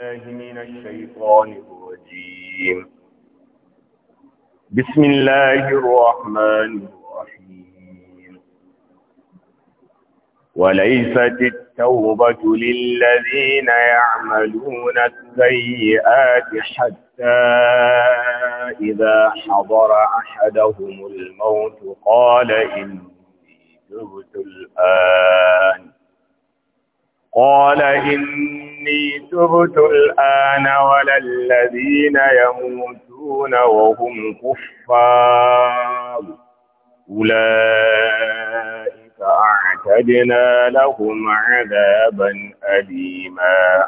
الله من الشيطان الرجيم بسم الله الرحمن الرحيم وليست التوبة للذين يعملون السيئات حتى إذا حضر أحدهم الموت قال إني تبت الآن قال إني تبت الآن ولا الذين يموتون وهم كفار أولئك أعتدنا لهم عذابا أليما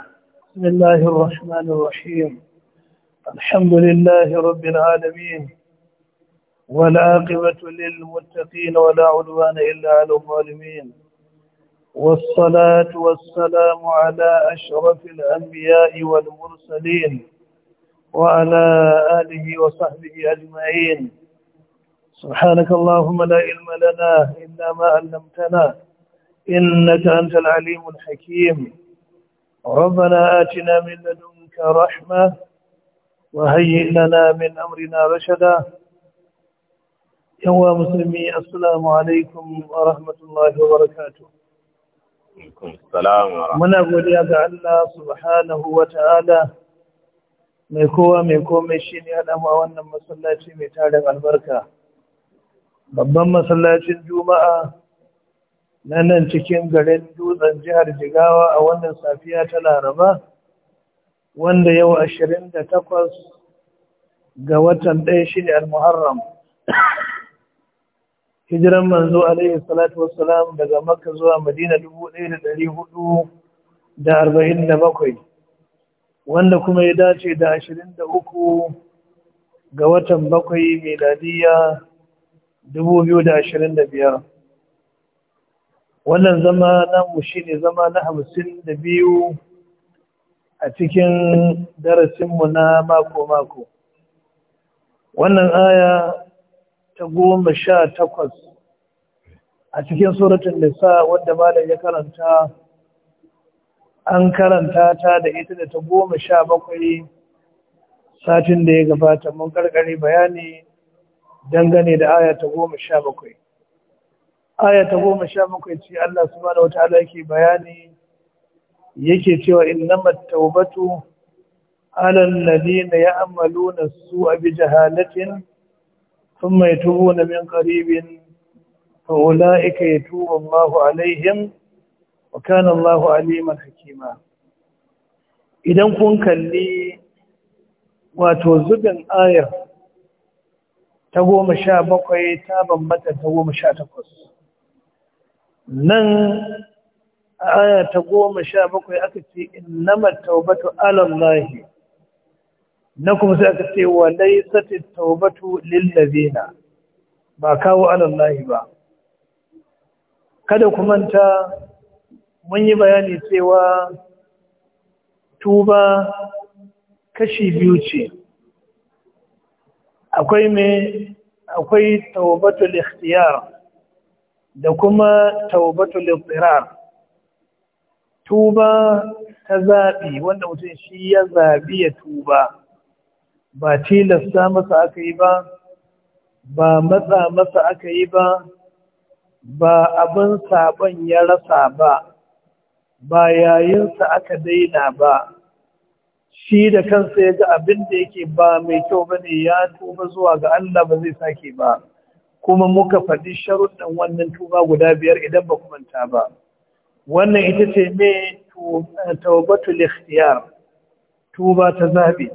بسم الله الرحمن الرحيم الحمد لله رب العالمين والعاقبة للمتقين ولا عدوان إلا على الظالمين والصلاة والسلام على أشرف الأنبياء والمرسلين وعلى آله وصحبه أجمعين سبحانك اللهم لا علم لنا إلا ما علمتنا إنك أنت العليم الحكيم ربنا آتنا من لدنك رحمة وهيئ لنا من أمرنا رشدا يا مسلمي السلام عليكم ورحمة الله وبركاته Muna godiya ga Allah subhanahu wa ta'ala mai kowa mai komai shi ne haɗa wannan masallaci mai tarin albarka. Babban masallacin Juma'a na nan cikin garin dutsen jihar Jigawa a wannan safiya ta Laraba, wanda yau ashirin da takwas ga watan ɗaya shi ne al-Muharram. hijiran manzo alaihi salatu wassalam daga makka zuwa madina dubu ɗaya da ɗari hudu da arba'in da bakwai wanda kuma ya dace da ashirin da uku ga watan bakwai meladiya dubu biyu da ashirin da biyar wannan zama namu shi ne zama na hamsin da biyu a cikin darasinmu na mako-mako wannan aya ta goma sha takwas a cikin suratun nisa wadda malam ya karanta an karanta ta da ita da ta goma sha bakwai satin da ya gabata mun karkare bayani dangane da aya ta goma sha bakwai aya ta goma sha bakwai ce Allah subhanahu wa ta'ala yake bayani yake cewa innamat tawbatu ya alladhina ya'maluna su'a bi jahalatin ثم يتوبون من قريب فأولئك يتوب الله عليهم وكان الله عليما حكيما idan kun kalli wato zubin ayar ta goma sha bakwai ta bambata ta goma sha takwas nan aya ta goma sha bakwai aka ce innama taubatu alallahi na kuma sai aka ce wa at taubatu lil ladina ba kawo alallahi ba kada ku manta mun yi bayani cewa tuba kashi biyu ce akwai me akwai tawbatul ikhtiyar da kuma tawbatul idrar tuba ta zabi wanda mutum shi ya zabi ya tuba ba tilasta masa aka yi ba ba matsa masa aka yi ba ba abin saɓon ya rasa ba ba yayinsa aka daina ba shi da kansa ya ga abin da yake ba mai kyau ba ne ya tuba zuwa ga Allah ba zai sake ba kuma muka faɗi sharuɗin wannan tuba guda biyar idan ba manta ba wannan ita ce mai tawbatul tuba ta zaɓi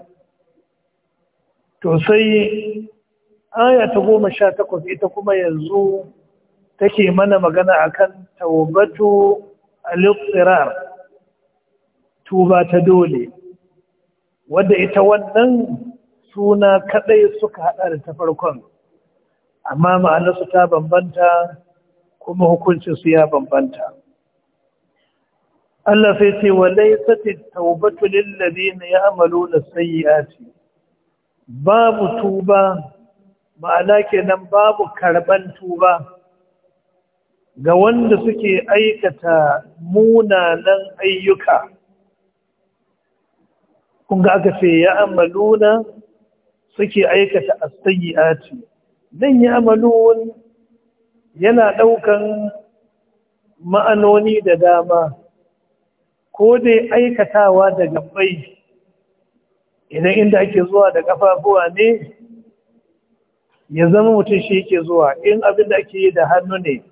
to sai aya ta goma sha takwas ita kuma yanzu take mana magana akan taubatu al-iqtirar tuba ta dole wadda ita wannan suna kadai suka hada da ta farkon amma ma'anarsu ta bambanta kuma hukuncin su ya bambanta Allah sai ce wa laysat at-taubatu lil ladina ya'maluna sayyiati babu tuba ma'ana kenan babu karban tuba ga wanda suke aikata munanan ayyuka ga aka ce ya amaluna suke aikata as dan ya amalun yana daukan ma'anoni da dama ko dai aikatawa daga bai. idan inda ake zuwa da kafafuwa ne ya zama mutum shi yake zuwa in abin da ake yi da hannu ne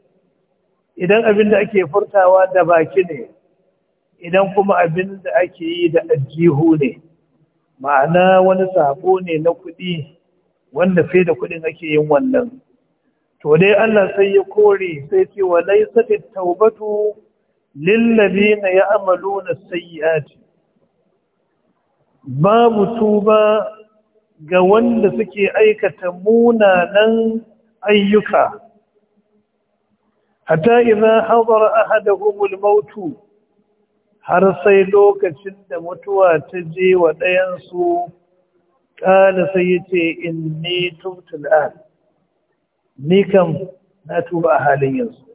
idan abin da ake furtawa da baki ne idan kuma abin da ake yi da aljihu ne ma'ana wani sabo ne na kuɗi wanda sai da kuɗin ake yin wannan to dai Allah sai ya kore sai ce wa laysat at-taubatu lil ladina ya'maluna as-sayyi'ati babu tuba ga wanda suke aikata munanan ayyuka hatta idza hadara ahaduhumul mautu har sai lokacin da mutuwa ta je wa su ƙala sai ya ce in ni ni kam na tuba a halin yanzu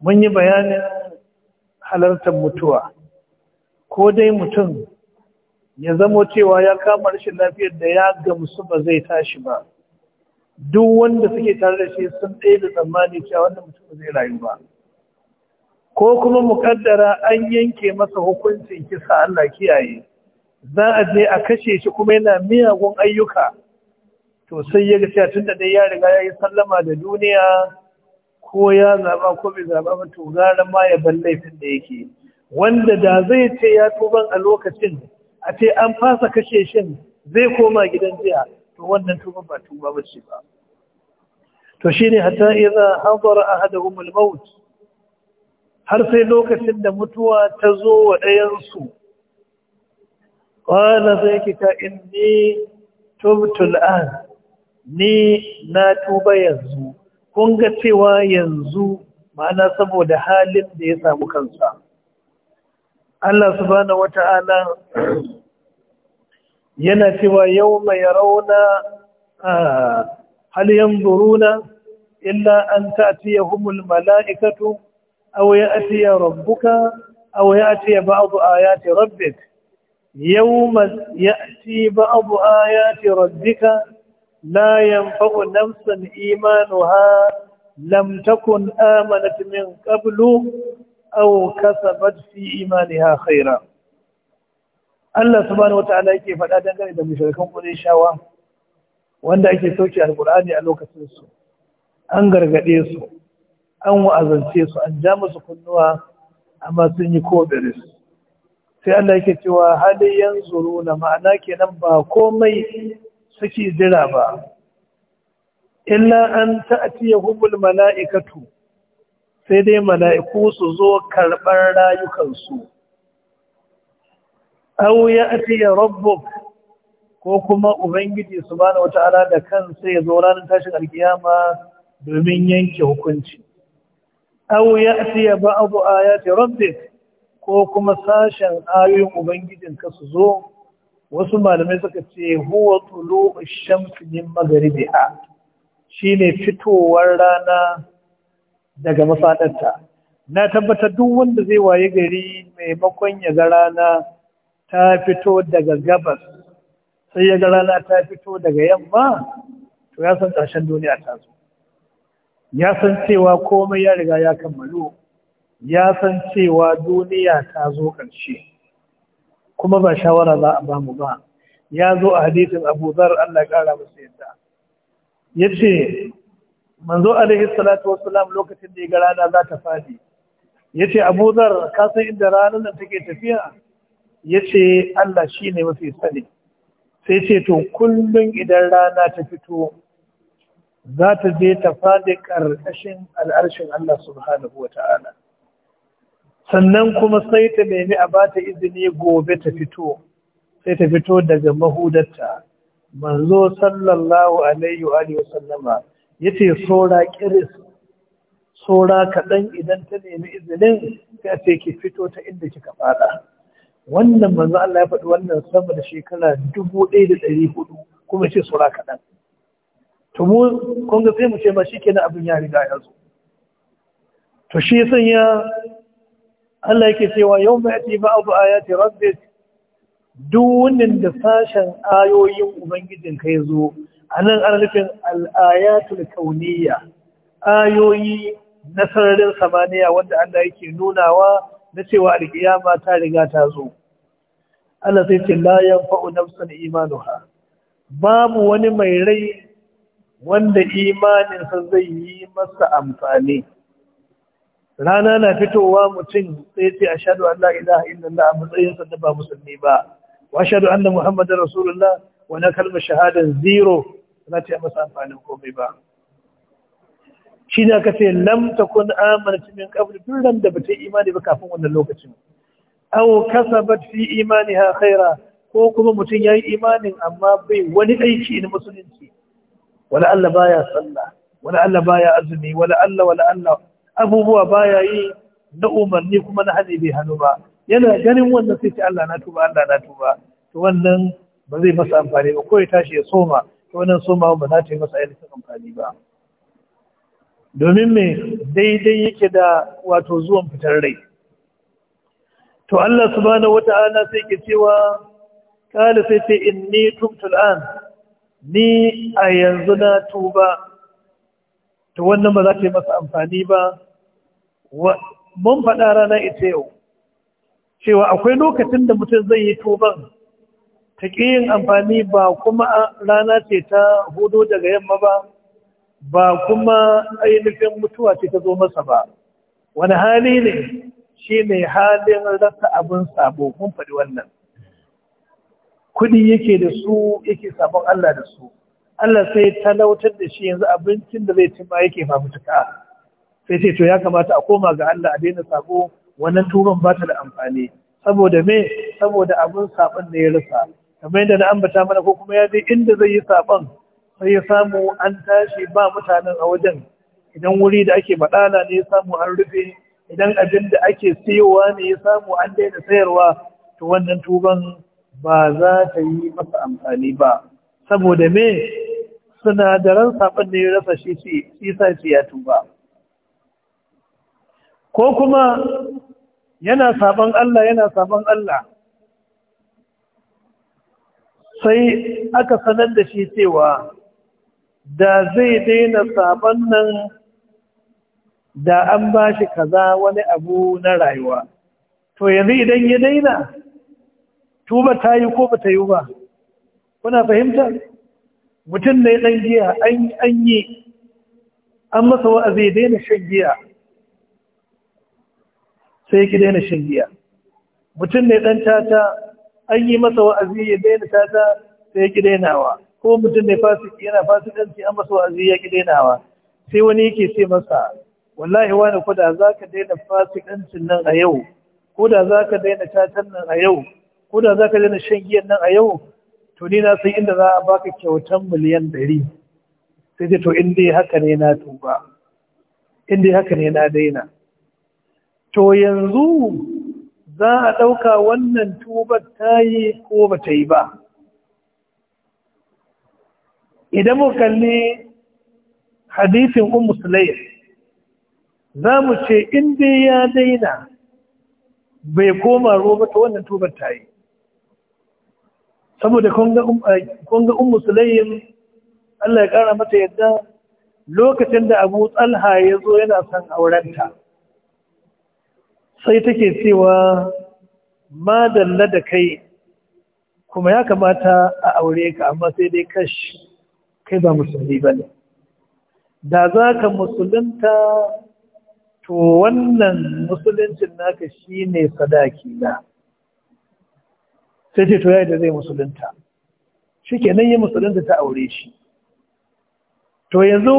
mun yi bayanin halartar mutuwa ko dai mutum ya zamo cewa ya kama rashin lafiyar da ya gamsu ba zai tashi ba duk wanda suke tare da shi sun ɗaya da tsammani cewa wannan mutum zai rayu ba ko kuma muƙaddara an yanke masa hukuncin kisa Allah kiyaye za a je a kashe shi kuma yana miyagun ayyuka to sai ya ga tun da dai ya riga ya yi sallama da duniya ko ya zaba ko bai zaba ba to gara ma ya bar laifin da yake wanda da zai ce ya tuban a lokacin a ce an fasa kashe shin zai koma gidan jiya to wannan tuba ba tuba ba ce ba to shine hatta idza a hada umar maut har sai lokacin da mutuwa ta zo wa ɗayansu ƙwana zai zaki inni tubtul an ni na tuba yanzu kun cewa yanzu ma'ana saboda halin da ya samu kansa Allah subhanahu wata'ala yana cewa mai rauna hal buruna. illa an humul mala'ikatu aw ya'tiya rabbuka aw ya'tiya ba'du ayati rabbik yawma ya'ti ya ayati rabbika لا ينفع نفسا إيمانها لم تكن آمنت من قبل aw kasabat fi imaniha khaira Allah subhanahu wataala yake faɗa dangane da mushrikan Qurayshawa wanda ake sauke alqur'ani a lokacin su an gargade su an wa'azance su an ja musu kunnuwa amma sun yi kobiris sai Allah ke cewa hali yanzuru na ma'ana kenan ba komai suke jira ba illa an ta'tiyahumul mala'ikatu sai dai mala'iku su zo karɓar rayukansu au ya ya rabbuk ko kuma ubangiji su wata wata'ala da kansa ya zo ranar tashin alkiyama domin yanke hukunci au ya ba a ya ce rabbuk ko kuma sashen ayoyin ubangijin ka su zo wasu malamai suka ce huwa tulu shamsi min Shi shine fitowar rana daga mafaɗarta na tabbatar duk wanda zai waye gari maimakon ya ga rana ta fito daga gabas sai ya ga rana ta fito daga yamma to ya san ƙarshen duniya ta zo ya san cewa komai ya riga ya kammalu ya san cewa duniya ta zo ƙarshe kuma ba shawara za a bamu ba ya zo a hadisin abu zar Allah ƙara masa yadda ya ce manzo alaihi salatu wassalam lokacin da ya ga rana za ta fadi yace abuzar ka san inda ranar nan take tafiya yace Allah shine mafi sani sai ce to kullum idan rana ta fito za ta je ta fadi ƙarƙashin al'arshin Allah subhanahu wa ta'ala. Sannan kuma sai ta nemi a ba ta izini gobe ta fito, sai ta fito daga mahudarta, manzo sallallahu Alaihi wa sallama ya ce saura ƙiris saura kaɗan idan ta nemi izinin ta ce ki fito ta inda kika fada wannan manzo Allah ya faɗi wannan sama da shekara dubu ɗaya da ɗari hudu kuma ce saura kaɗan to mu kun ga sai mu ce ma shikenan abin ya riga ya zo to shi sanya Allah yake cewa yau mai ba abu, ayati rabbi duk wannan da sashen ayoyin ubangijin ka ya zo a nan ana nufin al'ayatul kauniya ayoyi na sararin samaniya wanda Allah yake nunawa na cewa alkiyama ta riga ta zo Allah sai ce na yanfa'u imanu imanuha babu wani mai rai wanda imaninsa zai yi masa amfani rana na fitowa mutum sai ce ashhadu an la ilaha Allah a matsayinsa da ba musulmi ba wa shaɗu Allah Muhammadu rasulullah Wani kalmar shahadar zero za ta yi masa amfanin komai ba shi ne aka ce lam takun amanat min tun nan da bata imani ba kafin wannan lokacin aw kasabat fi imaniha khaira ko kuma mutum yayi imanin amma bai wani aiki na musulunci wala Allah baya sallah wala Allah baya azumi wala Allah wala Allah abubuwa baya yi na umarni kuma na hadi bai hannu ba yana ganin wannan sai ce Allah na tuba Allah na tuba to wannan ba zai masa amfani ba ko ya tashi ya soma ta wannan soma ba za ta yi masa ainihin amfani ba domin mai daidai yake da wato zuwan fitar rai to Allah subhanahu wata'ala sai ke cewa kala sai ce ni tumtul an ni a yanzu na tuba to wannan ba za ta yi masa amfani ba mun faɗa rana ita yau cewa akwai lokacin da mutum zai yi tuban ta yin amfani ba kuma rana ce ta hudu daga yamma ba ba kuma ainihin mutuwa ce ta zo masa ba wani hali ne shi ne halin rasa abin sabo mun faɗi wannan kudi yake da su yake sabon Allah da su Allah sai talautar da shi yanzu abincin da zai cimma yake fafutuka sai ce to ya kamata a koma ga Allah a daina sabo wannan turon ba ta da amfani saboda me saboda abin sabon da ya rasa kamar yadda na ambata mana ko kuma ya je inda zai yi saban sai ya samu an tashi ba mutanen a wajen idan wuri da ake baɗala ne ya samu an rufe idan abin da ake siyowa ne ya samu an daina sayarwa to wannan tuban ba za ta yi masa amfani ba saboda me sinadaran saban ne ya rasa shi shi sa shi ya tuba ko kuma yana saban Allah yana saban Allah sai aka sanar da shi cewa da zai daina sabon nan da an ba shi kaza wani abu na rayuwa to yanzu idan ya daina tuba ta yi ko ba ta yi ba kuna fahimta mutum ne ɗan giya an yi an masa wa'azi zai daina shan giya sai ki daina shan giya mutum ne ɗan tata an yi masa wa'azi ya daina tata sai ya kidainawa ko mutum ne fasiki yana fasikanci an masa wa'azi ya ki sai wani yake ce masa wallahi wani ko da za ka daina fasikancin nan a yau ko da za ka daina tatan nan a yau ko da za ka daina shan giyan nan a yau to ni na san inda za a baka kyautan miliyan ɗari sai ce to in dai haka ne na tuba in dai haka ne na daina to yanzu za a ɗauka wannan tubar ta yi ko ba ta yi ba idan mu kalli hadisin un musulai, za mu ce in dai ya daina bai koma roba ta wannan tubar ta yi saboda kunga un musulai, Allah ya ƙara mata yadda lokacin da abu tsalha ya zo yana son aurenta sai take cewa ma da kai kuma ya kamata a aure ka amma sai dai kash kai ba musulmi ba ne da za ka musulunta to wannan musuluncin naka shi ne sadaki na sai ce to ya da zai musulunta shi kenan yi musulunta ta aure shi to yanzu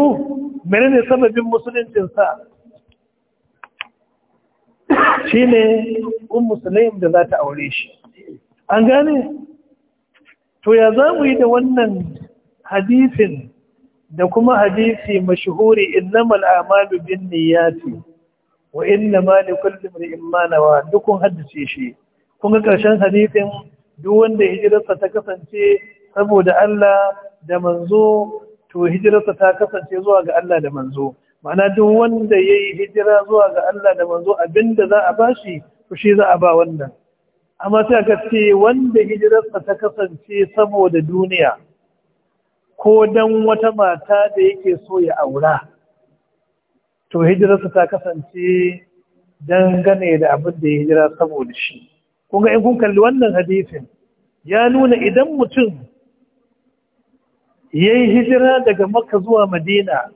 mene ne sababin sa? shi ne un umm sulaim da za ta aure shi an gane to ya za mu yi da wannan hadisin da kuma hadisi mashhuri innamal mal'amalu bin niyyati wa innama likulli imrin ma nawa dukun haddace shi kun ga karshen hadisin duk wanda hijirarsa ta kasance saboda Allah da manzo to hijirarsa ta kasance zuwa ga Allah da manzo mana duk wanda ya yi hijira zuwa ga Allah da manzo abinda za a bashi to shi za a ba wannan amma sai ka ce wanda hijirarsa ta kasance saboda duniya ko dan wata mata da yake so ya aura to hijirarsa ta kasance dangane da abin da ya hijira saboda shi kun ga in kun kalli wannan hadisin ya nuna idan mutum ya yi hijira daga makka zuwa madina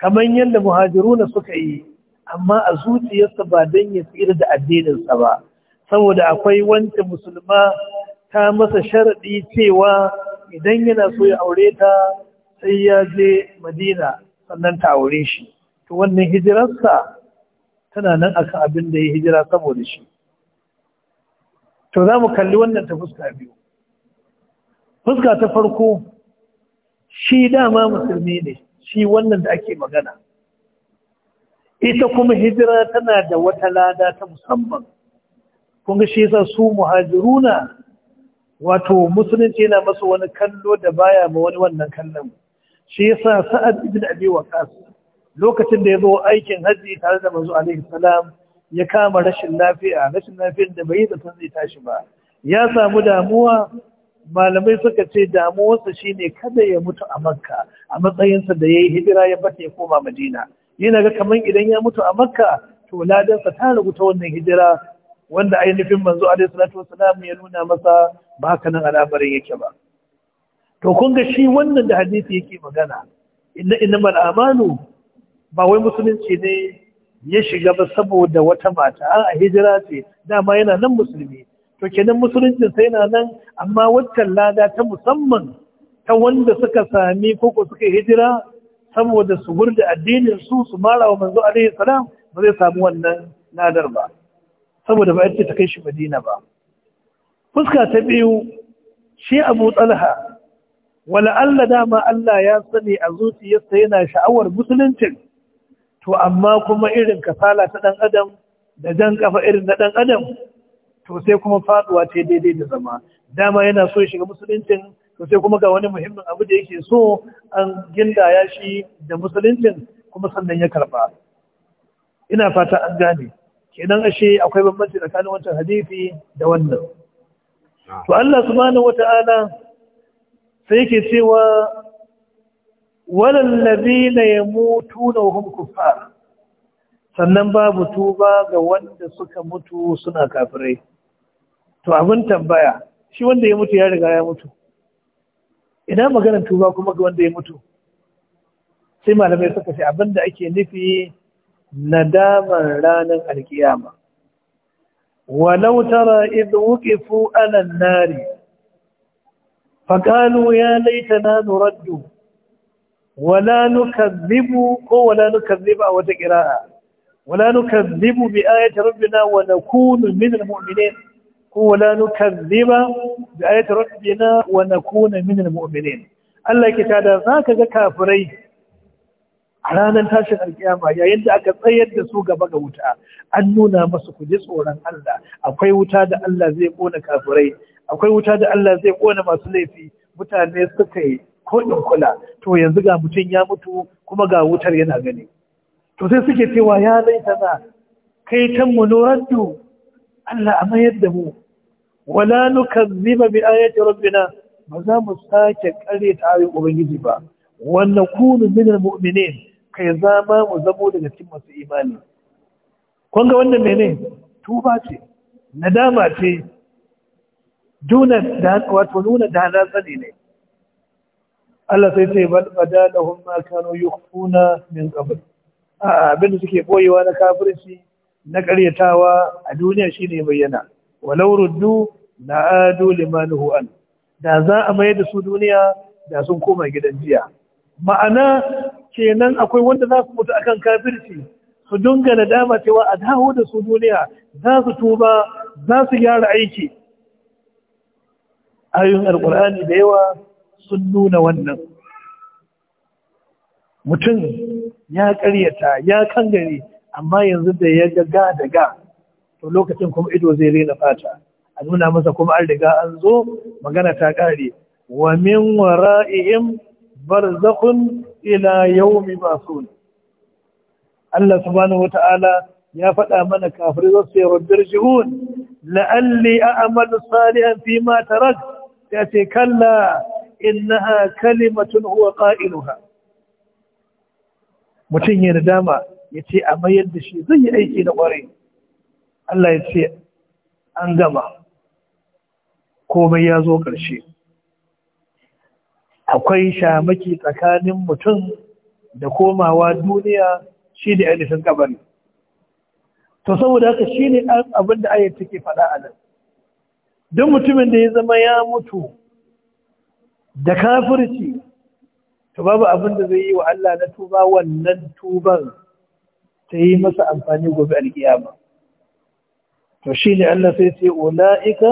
kamar yadda muhajiruna suka yi amma a zuciyarsa ba don ya tsira da addininsa ba saboda akwai wancan musulma ta masa sharaɗi cewa idan yana so ya aure ta sai ya je madina sannan ta aure shi to wannan hijirarsa tana nan akan abin da ya hijira saboda shi to za mu kalli wannan ta fuska biyu fuska ta farko shi dama musulmi ne shi wannan da ake magana ita kuma hijira tana da wata lada ta musamman kun ga shi yasa su muhajiruna wato musulunci yana masu wani kallo da baya ma wani wannan kallon shi yasa sa'ad ibn abi waqas lokacin da ya zo aikin hajji tare da manzo alaihi salam ya kama rashin lafiya rashin lafiyar da bai da zai tashi ba ya samu damuwa malamai suka ce damuwarsa shi ne kada ya mutu a makka a matsayinsa da ya yi hijira ya bata ya koma madina yana ga kamar idan ya mutu a makka to ladansa ta ragu ta wannan hijira wanda ainihin manzo alaihi salatu wasalam ya nuna masa ba haka nan al'amarin yake ba to kun ga shi wannan da hadisi yake magana inna innamal amanu ba wai musulunci ne ya shiga ba saboda wata mata a hijira ce dama yana nan musulmi to kenan sai na nan amma waccan lada ta musamman ta wanda suka sami koko suka hijira saboda su gurda addinin su su mara wa manzo alaihi salam ba zai samu wannan ladar ba saboda ba ta kai shi madina ba fuska ta biyu shi abu talha wala Allah dama Allah ya sani a zuciyarsa yana sha'awar musuluncin to amma kuma irin kasala ta dan adam da jan kafa irin na dan adam to sai kuma faduwa ce daidai da zama dama yana so shiga musuluncin to sai kuma ga wani muhimmin abu da yake so an gindaya shi da musuluncin kuma sannan ya karba ina fata an gane kenan ashe akwai bambanci tsakanin wancan hadisi da wannan to Allah subhanahu wata'ala sai yake cewa walal ladina yamutuna hum kuffar sannan babu tuba ga wanda suka mutu suna kafirai to abin tambaya shi wanda ya mutu ya riga ya mutu ina maganar tuba kuma ga wanda ya mutu sai malamai suka ce abin da ake nufi nadamar ranar alkiyama walau tara idu wukifu anan nari faƙalu ya laita laitana nuraddu wala zibu ko wala nukazzibu a wata ƙira'a wala nukazzibu bi ayati rabbina wa nakunu minal mu'minin ko wala nukazziba bi ayati rabbina wa nakuna min almu'minin Allah ke tada zaka ga kafirai a ranar tashin alkiyama yayin da aka tsayar da su gaba ga wuta an nuna masu ku tsoron Allah akwai wuta da Allah zai kona kafirai akwai wuta da Allah zai kona masu laifi mutane suka yi koɗin kula to yanzu ga mutum ya mutu kuma ga wutar yana gani to sai suke cewa ya laita na kai tan nuraddu Allah a mayar da mu wala zima bi ayati rabbina ba za mu sake kare ta ayoyin ubangiji ba wannan kunu minar almu'minin kai zama mu zamo daga cikin masu imani kun ga wannan mene tuba ce nadama ce duna da wato nuna da na sani ne Allah sai sai da hun ma yi yukhfuna min qabl a abin da suke boyewa na kafirci na karyatawa a duniya shi shine bayyana walau ruddu na adu limanuhu an da za a mayar da su duniya da sun koma gidan jiya ma'ana kenan akwai wanda za su mutu akan kafirci su dunga dama cewa a dawo da su duniya za su tuba za su gyara aiki ayoyin alkur'ani da yawa sun nuna wannan mutum ya karyata ya kangare amma yanzu da ya ga ga da ga to lokacin kuma ido zai rena fata a nuna masa kuma an riga an zo magana ta ƙare. wa min wara'ihim barzakhun ila yawmi ba'thun Allah subhanahu wata'ala ya faɗa mana kafir zo sai yi rabbir jihun la'alli a'malu salihan fi ma tarak ya ce kalla innaha kalimatun huwa qa'iluha mutum ya dama. ya ce a mayar da shi zai yi aiki da ƙwarai Allah ya ce an gama komai ya zo ƙarshe akwai shamaki tsakanin mutum da komawa duniya shi ne ainihin ƙabari. to saboda haka shi ne abin da ayyar take faɗa a nan don mutumin da ya zama ya mutu da kafirci to babu abin da zai yi wa Allah na tuba wannan tuban ta yi masa amfani gobe alƙiyama. to shi ne Allah sai ce ula'ika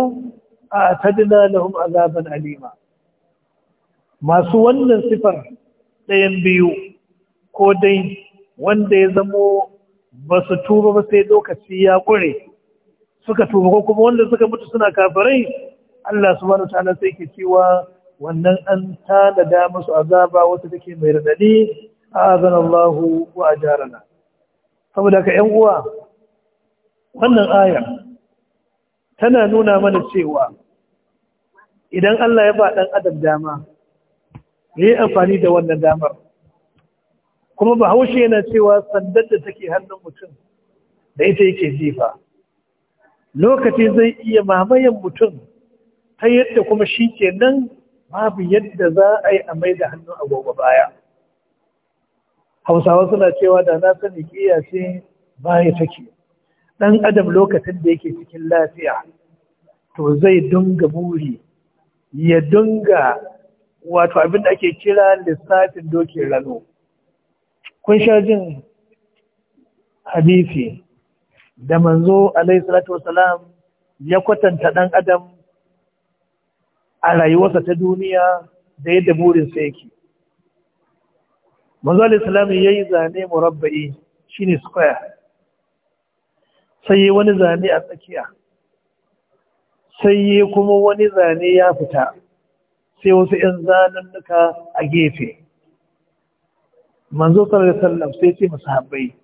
a tadina lahum azaban alima masu wannan sifar ɗayan biyu ko dai wanda ya zamo ba su tuba ba sai lokaci ya ƙure suka tuba ko kuma wanda suka mutu suna kafirai Allah subhanahu ta'ala sai ke cewa wannan an tanada musu azaba wata take mai radadi azanallahu wa jarana. saboda ka ‘yan uwa wannan ayar tana nuna mana cewa idan Allah ya ba ɗan adam dama ya yi amfani da wannan damar kuma bahaushe yana cewa sandar da take hannun mutum da ita yake jifa lokaci zai iya mamayen mutum ta yadda kuma shi ke nan babu yadda za a yi a mai da hannun agogo baya hausawa suna cewa da na sani ƙiya ce baya take Dan adam lokacin da yake cikin lafiya to zai dunga buri ya dunga wato abin da ake kira lissafin dokin rano kun sha jin hadisi da manzo alaihi salatu wasalam ya kwatanta dan adam a rayuwarsa ta duniya da yadda burinsa yake manzo al-islam yayi zane murabba'i shine square sai yi wani zane a tsakiya sai yi kuma wani zane ya fita sai wasu zanen zanannuka a gefe manzo sallallahu alaihi wasallam sai ce masahabbai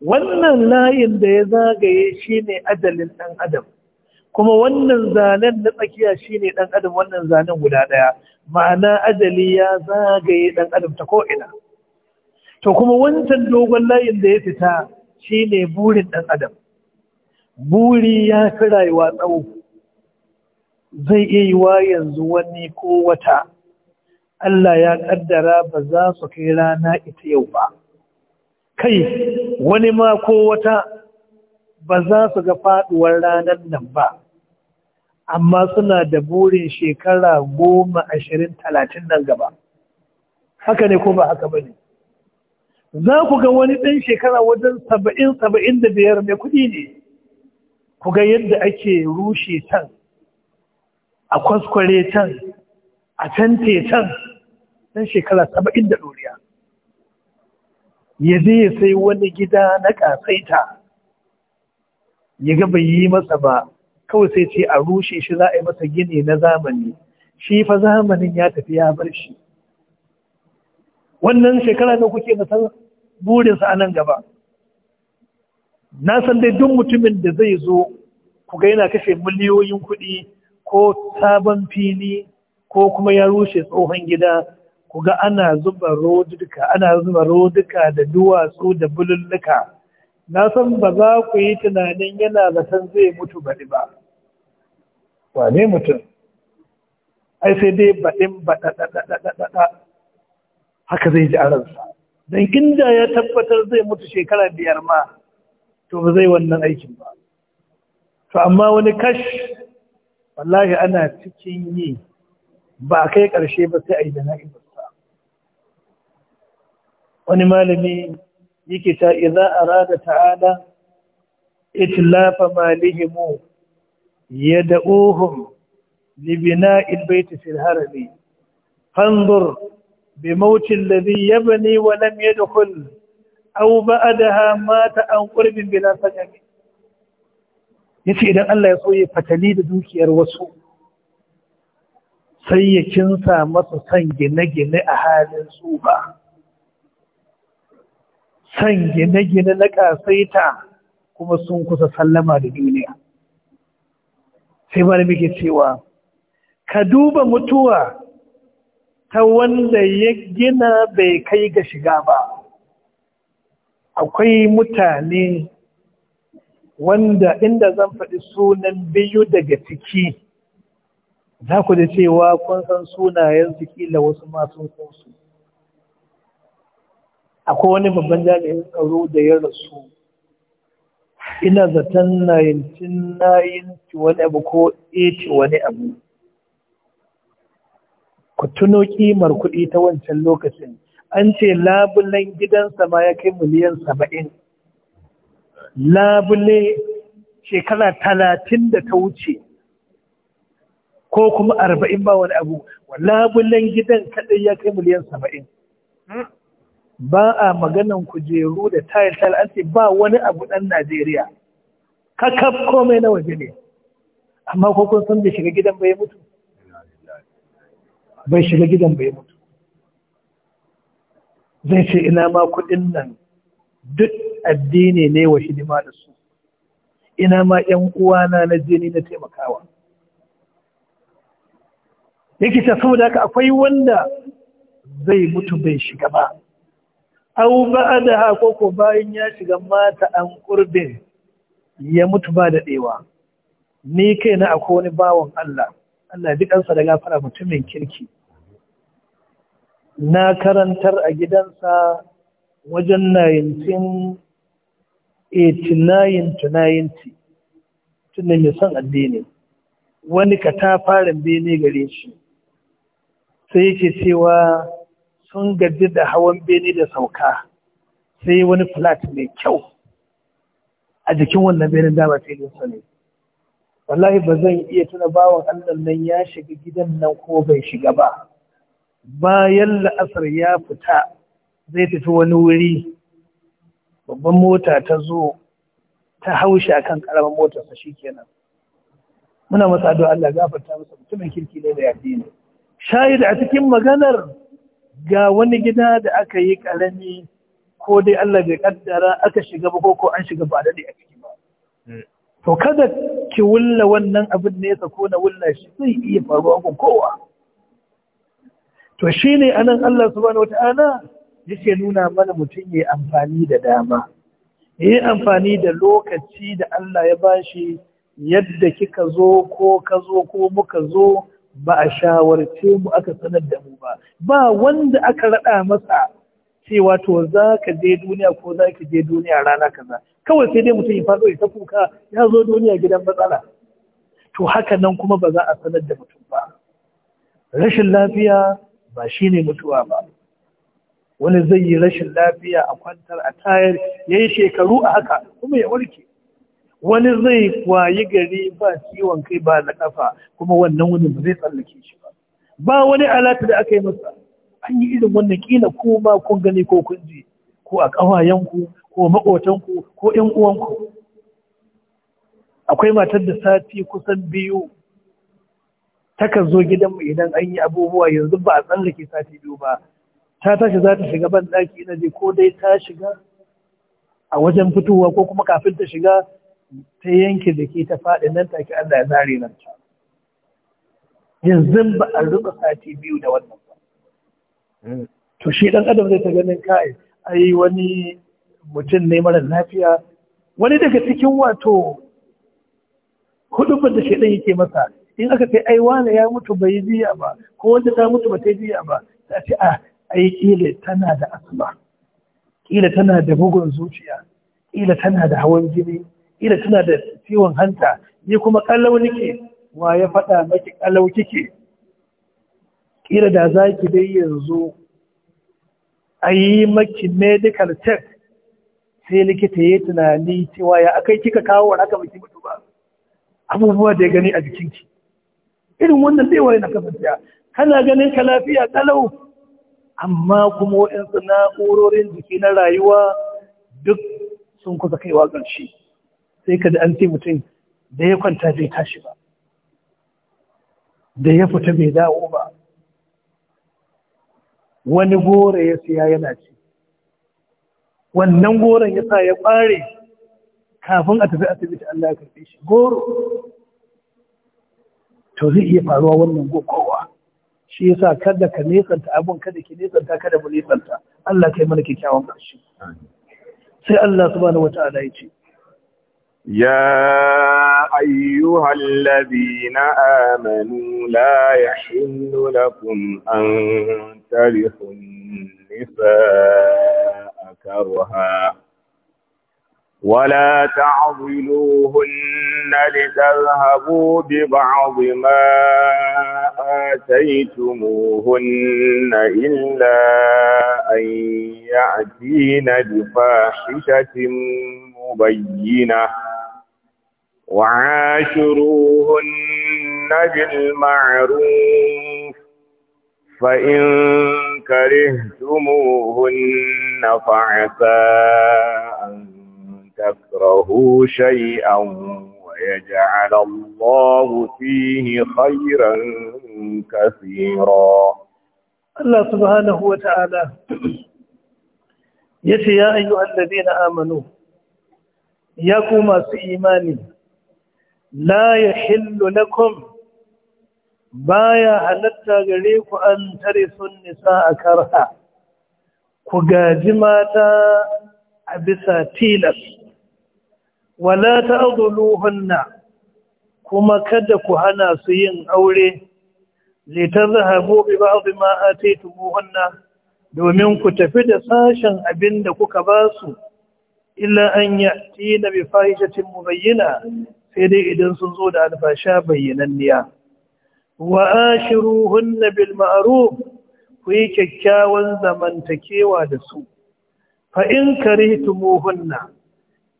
wannan layin da ya zagaye shine adalin dan adam kuma wannan zanen na tsakiya shine dan adam wannan zanen guda ɗaya, ma'ana adali ya zagaye dan adam ta ko'ina to kuma wancan dogon layin da ya fita shi ne burin ɗan adam buri ya fi rayuwa tsawo zai iya yi wa yanzu wani ko wata Allah ya ƙaddara ba za su kai rana ita yau ba kai wani ma ko wata ba za su ga faɗuwar ranar nan ba amma suna da burin shekara goma ashirin talatin nan gaba haka ne ko ba haka ba ne za ku ga wani ɗan shekara wajen saba'in saba'in da biyar mai kuɗi ne ku ga yadda ake rushe can a kwaskware can a tante can ɗan shekara saba'in da ɗoriya ya je ya sai wani gida na ƙasaita ya ga bai yi masa ba kawai sai ce a rushe shi za a yi masa gini na zamani shi fa zamanin ya tafi ya bar shi wannan shekara da kuke da san burinsa a nan gaba na san dai duk mutumin da zai zo ku ga yana kashe miliyoyin kuɗi ko sabon fili ko kuma ya rushe tsohon gida ku ga ana zuba roduka ana zuba roduka da duwatsu da bululluka na san ba za ku yi tunanin yana san zai mutu ba wane mutum ai sai dai baɗin baɗaɗaɗaɗaɗa haka zai ji a dan don inda ya tabbatar zai mutu shekara biyar ma to ba zai wannan aikin ba to amma wani kash wallahi ana cikin yi ba a kai ƙarshe ba sai a yi ba. wani malami yake ta iza a rada ta'ala itilafa malihimu ya da'uhun libina ilbaiti filharami fanzur بموت الذي يبني ولم يدخل أو بعدها مات عن قرب بلا سجن yace idan Allah ya so ya fatali da dukiyar wasu sai ya kinsa masa san gine-gine a halin su ba san gine-gine na kasaita kuma sun kusa sallama da duniya sai malami ke cewa ka duba mutuwa ta wanda ya gina bai kai ga shiga ba akwai mutane wanda inda zan faɗi sunan biyu daga ciki za ku da cewa kun san sunayen su kila wasu masu kunsu akwai wani babban jami'in tsaro da ya rasu ina zaton 1990 wani abu ko 80 wani abu ku tuno kimar kuɗi ta wancan lokacin an ce labulen gidansa ma ya kai miliyan saba'in labule shekara talatin da ta wuce ko kuma arba'in ba wani abu labulen gidan kaɗai ya kai miliyan saba'in ba a maganan kujeru da tayil tayil an ce ba wani abu ɗan najeriya kakaf komai na waje ne amma ko kun san bai shiga gidan bai mutu bai shiga gidan bai mutu zai ce ina ma kuɗin nan duk addini ne wa hidima da su ina ma ‘yan uwana na jini na taimakawa yake ta saboda haka akwai wanda zai mutu bai shiga ba au ba da hakoko bayan ya shiga mata an ƙurbin ya mutu ba da ɗewa ni kai na akwai wani bawan Allah Allah duk da gafara mutumin kirki na karantar a gidansa wajen 1989 tun da mai son addini wani katafarin bene gare shi sai yake cewa sun gaji da hawan bene da sauka sai wani flat mai kyau a jikin wannan benin dama filinsa ne wallahi ba zan iya tuna bawan allon nan ya shiga gidan nan ko bai shiga ba bayan la'asar ya fita zai tafi wani wuri babban mota ta zo ta haushi akan karamar shi kenan. muna masa addu'a Allah gafarta masa mutumin kirki ne da yafi ne shahid a cikin maganar ga wani gida da aka yi karami ko dai Allah bai kaddara aka shiga ba ko ko an shiga ba dade a ciki ba hmm. to kada ki wulla wannan abin ne ya sako na wulla shi zai iya faruwa ga kowa to shi ne anan Allah subhanahu wata'ala yake nuna mana mutum ya amfani da dama ya yi amfani da lokaci da Allah ya ba shi yadda kika zo ko ka zo ko muka zo ba a shawarce mu aka sanar da mu ba ba wanda aka raɗa masa cewa to za ka je duniya ko za ka je duniya rana kaza kawai sai dai mutum ya faɗo ya kuka ya zo duniya gidan matsala to haka nan kuma ba za a sanar da mutum ba rashin lafiya ba shi ne mutuwa ba wani zai yi rashin lafiya a kwantar a tayar ya yi shekaru a haka kuma ya warke wani zai wayi gari ba ciwon kai ba na kafa kuma wannan wani ba zai tsallake shi ba ba wani alata da aka yi masa an yi irin wannan kila ko ma kun gani ko kun ji ko a ƙawayenku ko maƙotanku ko ƴan uwanku akwai matar da sati kusan biyu takan zo gidanmu idan an yi abubuwa yanzu ba a tsallake sati biyu ba ta tashi za ta shiga ban ɗaki na je ko dai ta shiga a wajen fitowa ko kuma kafin ta shiga ta yanke da ke ta faɗi nan take Allah ya zare nan ta yanzu ba a ruba sati biyu da wannan ba to shi dan adam zai ta ganin kai ai wani mutum ne mara lafiya wani daga cikin wato hudubin da shaidan yake masa in aka kai ai wane ya mutu bai yi biya ba ko wanda ta mutu ba ta yi biya ba ta ce a ah, ai kila tana da asma kila tana da bugun zuciya kila tana da hawan jini kila tana da ciwon hanta ni kuma kallau nake wa ya faɗa maki kallau kike kila da za ki dai yanzu a yi maki medical check sai likita ya tunani cewa ya akai kika kawo wa aka baki mutu ba abubuwa da ya gani a jikinki irin wannan tsewar na kasancewa kana ganin ka lafiya kalau amma kuma waɗansu na'urorin jiki na rayuwa duk sun kusa kaiwa ƙarshe sai ka da an ce mutum da ya kwanta bai tashi ba da ya fita bai dawo ba wani gore ya siya yana ci wannan goron ya sa ya ɓare kafin a tafi asibiti Allah ya karɓe shi goro to zai iya faruwa wannan gokowa shi yasa kada ka nesanta abun kada ki nesanta kada mu nesanta Allah kai mana kyakkyawan karshe. sai Allah subhanahu wataala ya ce يا أيها الذين آمنوا لا يحل لكم أن ترثوا النساء كرها ولا تعضلوهن لتذهبوا ببعض ما آتيتموهن إلا أن يأتين بفاحشة مبينة وعاشروهن بالمعروف فإن كرهتموهن فعسى أن تكرهوا شيئا ويجعل الله فيه خيرا كثيرا الله سبحانه وتعالى يتي يا أيها الذين آمنوا يكما إيماني لا يحل لكم بايا هلتا غريك أن ترثوا النساء كرها ku gaji mata a bisa tilas wala ta Azuluhunna kuma kada ku hana su yin aure litazhabu bi ba'd ma ataytumuhunna domin ku tafi da sashen abin da kuka ba su illa an ti na bi fahishatin mubayyana sai dai idan sun zo da alfasha bayyananniya wa shiruhunna bil ma'ruf ku yi kyakkyawan zamantakewa da su fa in Tumuhunna.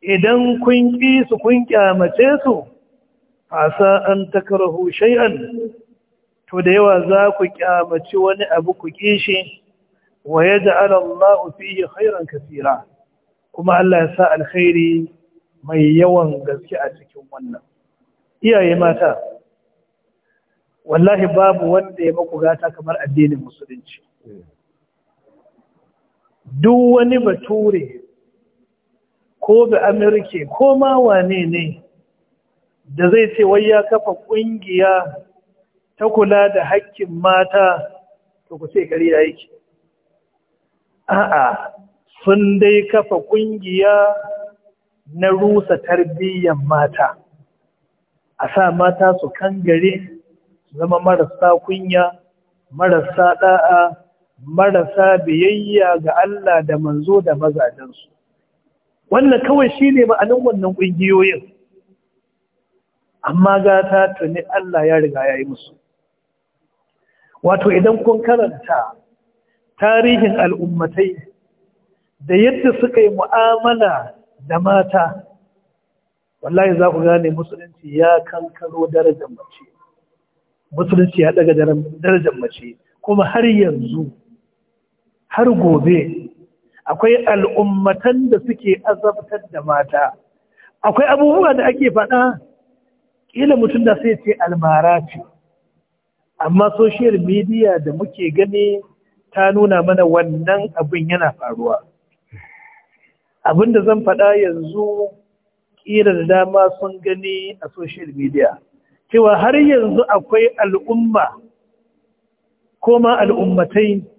idan kun ƙi su kun ƙyamace su asa an takarahu shay'an to da yawa za ku ƙyamaci wani abu ku ƙi shi wa Allah ufi yi hairan kasira kuma Allah ya sa alkhairi mai yawan gaske a cikin wannan iyaye mata wallahi babu wanda ya maku gata kamar addinin musulunci hmm. duk wani bature ko da amirke ko ma wane ne da zai ce wai ya kafa ƙungiya ta kula da haƙƙin mata to ku ce kari aiki a'a sun dai kafa ƙungiya na rusa tarbiyyar mata a sa mata su kangare su zama marasa kunya marasa ɗa'a marasa biyayya ga Allah da manzo da mazajensu wannan kawai shi ne ma'anin wannan ƙungiyoyin amma gata tuni Allah ya riga ya yi musu wato idan kun karanta tarihin al'ummatai da yadda suka yi mu'amala da mata wallahi za ku gane musulunci ya kankaro darajar mace musulunci ya daga darajar mace kuma har yanzu har gobe akwai al'ummatan da suke azabtar da mata akwai abubuwa da ake faɗa ƙila mutum da sai ce almara ce amma social media da muke gani ta nuna mana wannan abin yana faruwa abin da zan faɗa yanzu ƙira da dama sun gani a social media cewa har yanzu akwai al'umma ko ma al'ummatai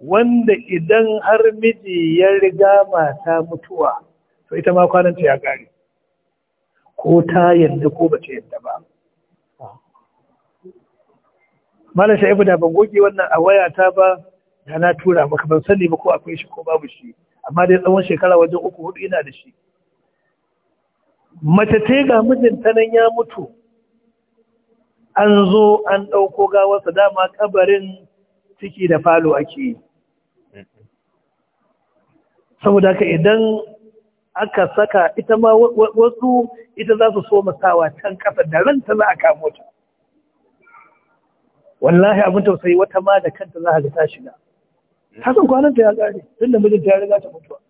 wanda idan har miji ya riga mata mutuwa to ita ma kwananta ya kare ko ta yadda ko bata yadda ba malam sha'ibu da ban goge wannan a wayata ba da na tura maka ban sani ba ko akwai shi ko babu shi amma dai tsawon shekara wajen uku hudu ina da shi mace ce ga mijinta nan ya mutu an zo an ɗauko gawarsa dama kabarin ciki da falo ake yi saboda haka idan aka saka ita ma wasu ita za su so masawa can kasa da ranta za a kamo ta wallahi abin tausayi wata ma da kanta za a ga ta shiga ta san ta ya kare tun da mijinta ya riga ta mutuwa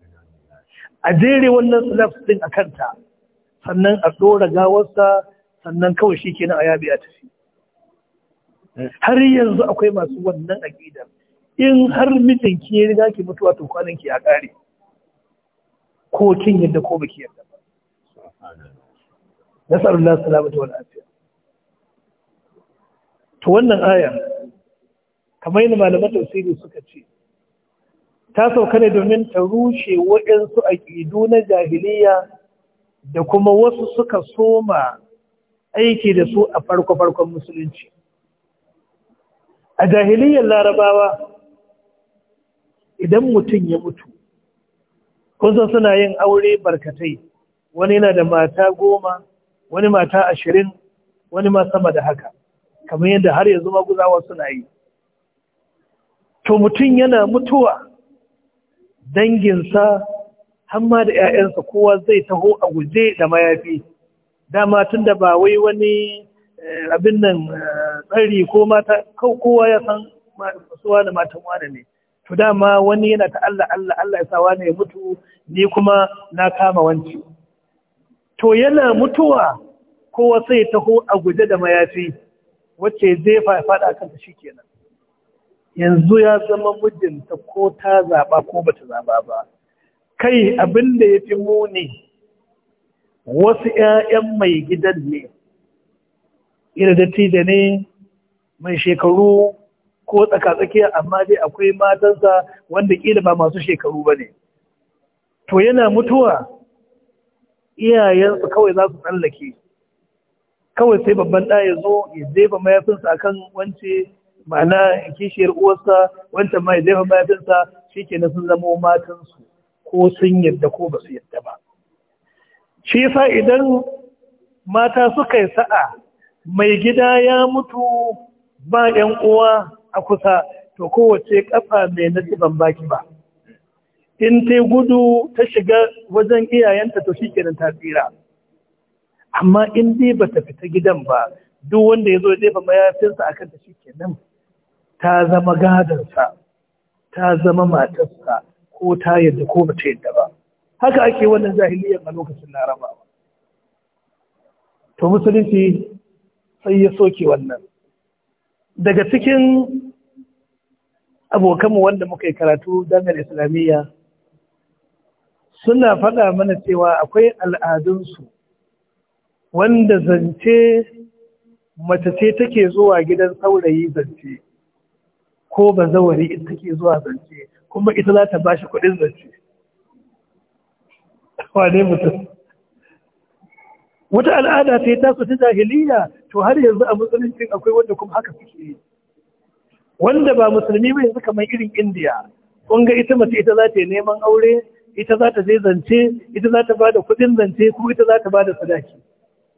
a jere wannan laf din a kanta sannan a ɗora gawarsa sannan kawai shi kenan a yabi a tafi har yanzu akwai masu wannan aƙidar in har mijinki ya riga ki mutuwa to kwanan ki ya ƙare? ko kin yadda ko baki yadda ba nasarullah salamatu wal afiya to wannan aya kamar yadda malaman tafsiri suka ce ta sauka ne domin ta rushe waɗansu aƙidu na jahiliya da kuma wasu suka soma aiki da su a farko-farkon musulunci. A jahiliyar larabawa, idan mutum ya mutu, kun san suna yin aure barkatai wani yana da mata goma wani mata ashirin wani ma sama da haka kamar yadda har yanzu maguzawa suna yi to mutum yana mutuwa danginsa hamma da 'ya'yansa kowa zai taho a guje da mayafi dama tun da ba wai wani eh, abin nan eh, tsari ko mata kowa ya san suwa da matan wane ne to dama wani yana ta Allah Allah Allah ya sa wani ya mutu ni kuma na kama wanci to yana mutuwa kowa sai taho a guje da mayafi wacce zai faɗa kanta shi kenan yanzu ya zama mijinta ko ta zaɓa ko ba ta zaɓa ba kai abin da ya fi muni wasu 'ya'yan mai gidan ne ina da ne mai shekaru ko tsaka tsakiya amma dai akwai matansa wanda kila ba masu shekaru ba ne to yana mutuwa iyayensa kawai za su tsallake kawai sai babban ɗa ya zo ya jefa mayafinsa akan wance ma'ana kishiyar uwarsa wancan ma ya jefa mayafinsa shi ke sun zamo matansu ko sun yadda ko ba su yadda ba shi yasa idan mata suka yi sa'a mai gida ya mutu ba ‘yan uwa a kusa to kowace kafa mai nasiban baki ba in ta gudu ta shiga wajen iyayenta to shikenan ta tsira amma in dai ba ta fita gidan ba duk wanda ya zo ya jefa mayafinsa a kanta shikenan ta zama gadansa ta zama matarsa ko ta yadda ko ba ta yadda ba haka ake wannan jahiliyar a lokacin larabawa to musulunci sai ya soke wannan daga cikin abokanmu wanda muka yi karatu dangar islamiyya suna faɗa mana cewa akwai al'adunsu wanda zance mace ce take zuwa gidan saurayi zance ko ba zawari ita take zuwa zance kuma ita za ta ba shi kuɗin zance wane mutum wata al'ada ce ta su ta jahiliya to har yanzu a musulunci akwai wanda kuma haka suke yi wanda ba musulmi ba yanzu kamar irin indiya kun ga ita mace ita za ta yi neman aure ita za ta je zance ita za ta ba da kuɗin zance ko ita za ta ba da sadaki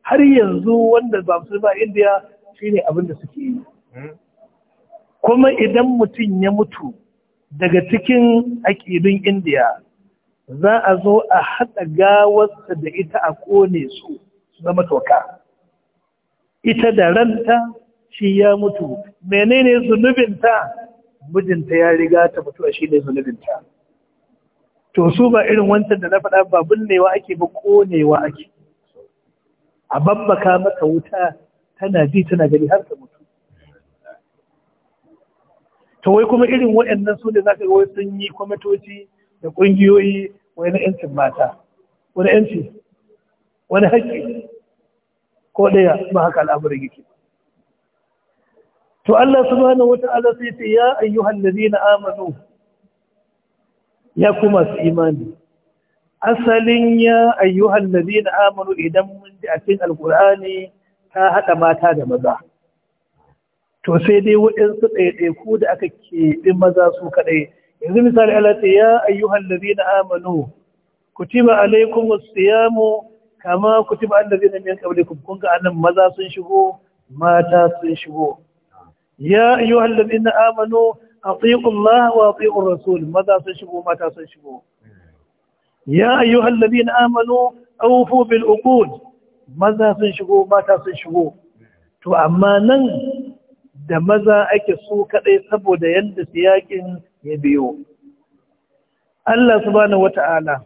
har yanzu wanda ba musulmi ba indiya shine abin da suke yi kuma idan mutum ya mutu daga cikin aƙidun indiya za a zo a haɗa gawarsa da ita a ƙone su su zama toka ita da ranta shi ya mutu menene zunubinta mijinta ya riga ta mutuwa shi ne zunubinta to su ba irin wancan da na faɗa ba binnewa ake ba konewa ake a babbaka mata wuta tana ji tana gani har ta mutu to wai kuma irin waɗannan su ne zaka ga wai sun yi kwamitoci da ƙungiyoyi wani 'yancin mata wani 'yanci wani haƙƙi ko ɗaya ba haka al'amuran yake to Allah subhanahu wata'ala sai ce ya ayyuhal ladina amanu ya kuma su imani asalin ya ayyuhal ladina amanu idan mun ji a cikin alqur'ani ta hada mata da maza to sai dai waɗansu ɗaiɗaiku da aka ɗin maza su kaɗai yanzu misali Allah ce ya ayyuhal ladina amanu kutiba alaikumus siyamu kama kutiba allazina min qablikum kun ga annan maza sun shigo mata sun shigo ya ayyuhal allazina amanu atiqu allaha wa atiqu rasul maza sun shigo mata sun shigo ya ayyuhal allazina amanu awfu bil uqud maza sun shigo mata sun shigo to amma nan da maza ake so kadai saboda yanda siyakin ya biyo Allah subhanahu wata'ala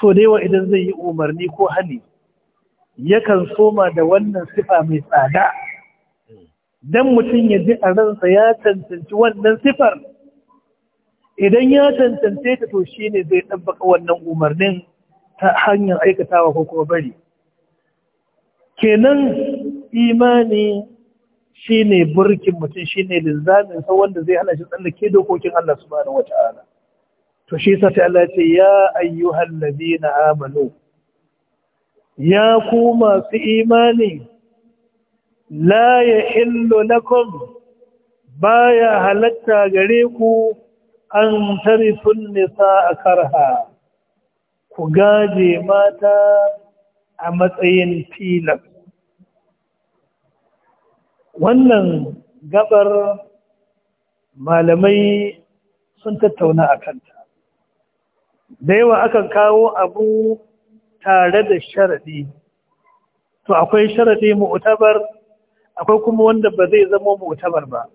so da yawa idan zai yi umarni ko hali yakan soma da wannan sifa mai tsada dan mutum ya ji a ransa ya cancanci wannan sifar idan ya cancance ta to shi ne zai ɗabbaka wannan umarnin ta hanyar aikatawa ko kuma bari kenan imani shi ne burkin mutum shi ne linzamin, sau wanda zai hana shi tsallake dokokin Allah subhanahu wa ta'ala to shi sa sai Allah ya ce ya ayyuhal ladina amanu ya ku masu imani la yahillu lakum baya halatta gare ku an tarifun nisa a karha ku gaje mata a matsayin tilas wannan gabar malamai sun tattauna a kanta da yawa akan kawo abu tare da sharaɗi to akwai sharaɗi mu'tabar akwai kuma wanda ba zai zama mu'tabar ba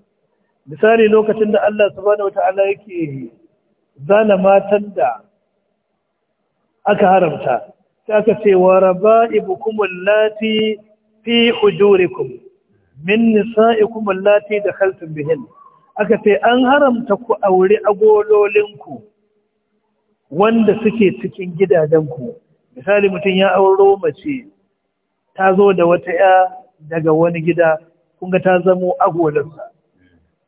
misali lokacin da Allah subhanahu wata'ala yake zana matan da aka haramta sai aka ce wa raba'ibukum allati fi hujurikum min nisa'ikum allati dakhaltum bihin aka ce an haramta ku aure agololinku wanda suke cikin ku, misali mutum ya auro mace ta zo da wata ya daga wani gida kunga ta zamo agolarsa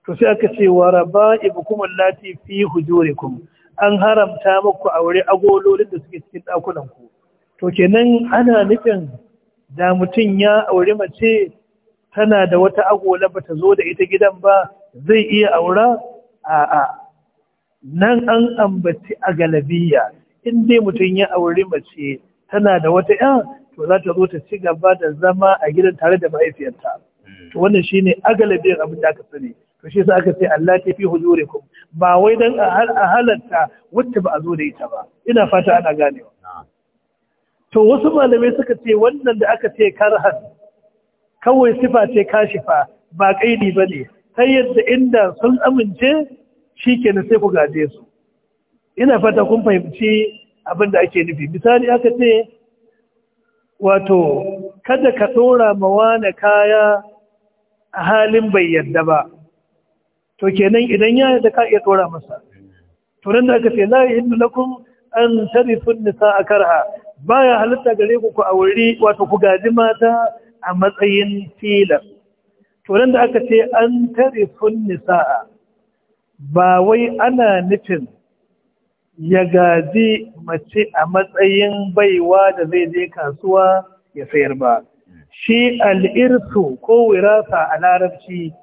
to sai aka ce wa raba'ibukum Lati fi hujurikum an haramta muku aure agololin da suke cikin dakunan ku to kenan ana nufin da mutum ya aure mace tana da wata agola bata zo da ita gidan ba zai iya aura a'a nan an ambaci a galabiya in dai mutum ya auri mace tana da wata ya to za ta zo ta ci gaba da zama a gidan tare da mahaifiyarta hmm. to wannan shine agalabiyar abin da aka sani to shi aka ce Allah ta fi hujurikum ba wai dan a halatta wacce ba a zo da ita ba ina fata ana ganewa to wasu malamai suka ce wannan da aka ce karhan kawai sifa ce kashifa ba kaidi bane sai yadda inda sun amince shi kenan sai ku gaje su ina fata kun fahimci abin da ake nufi misali aka ce wato kada ka mawa na kaya a halin bai yadda ba to kenan idan ya yadda ka iya tsora masa turin da aka ce la yi lakum an tarifin nisa a karha baya halitta gare ku ku wuri, wato ku gaji mata a matsayin filar. turin da aka ce an tarifin nisa'a ba wai ana nufin ya gaji mace a matsayin baiwa da zai je kasuwa ya sayar ba shi al'irsu ko wirasa a larabci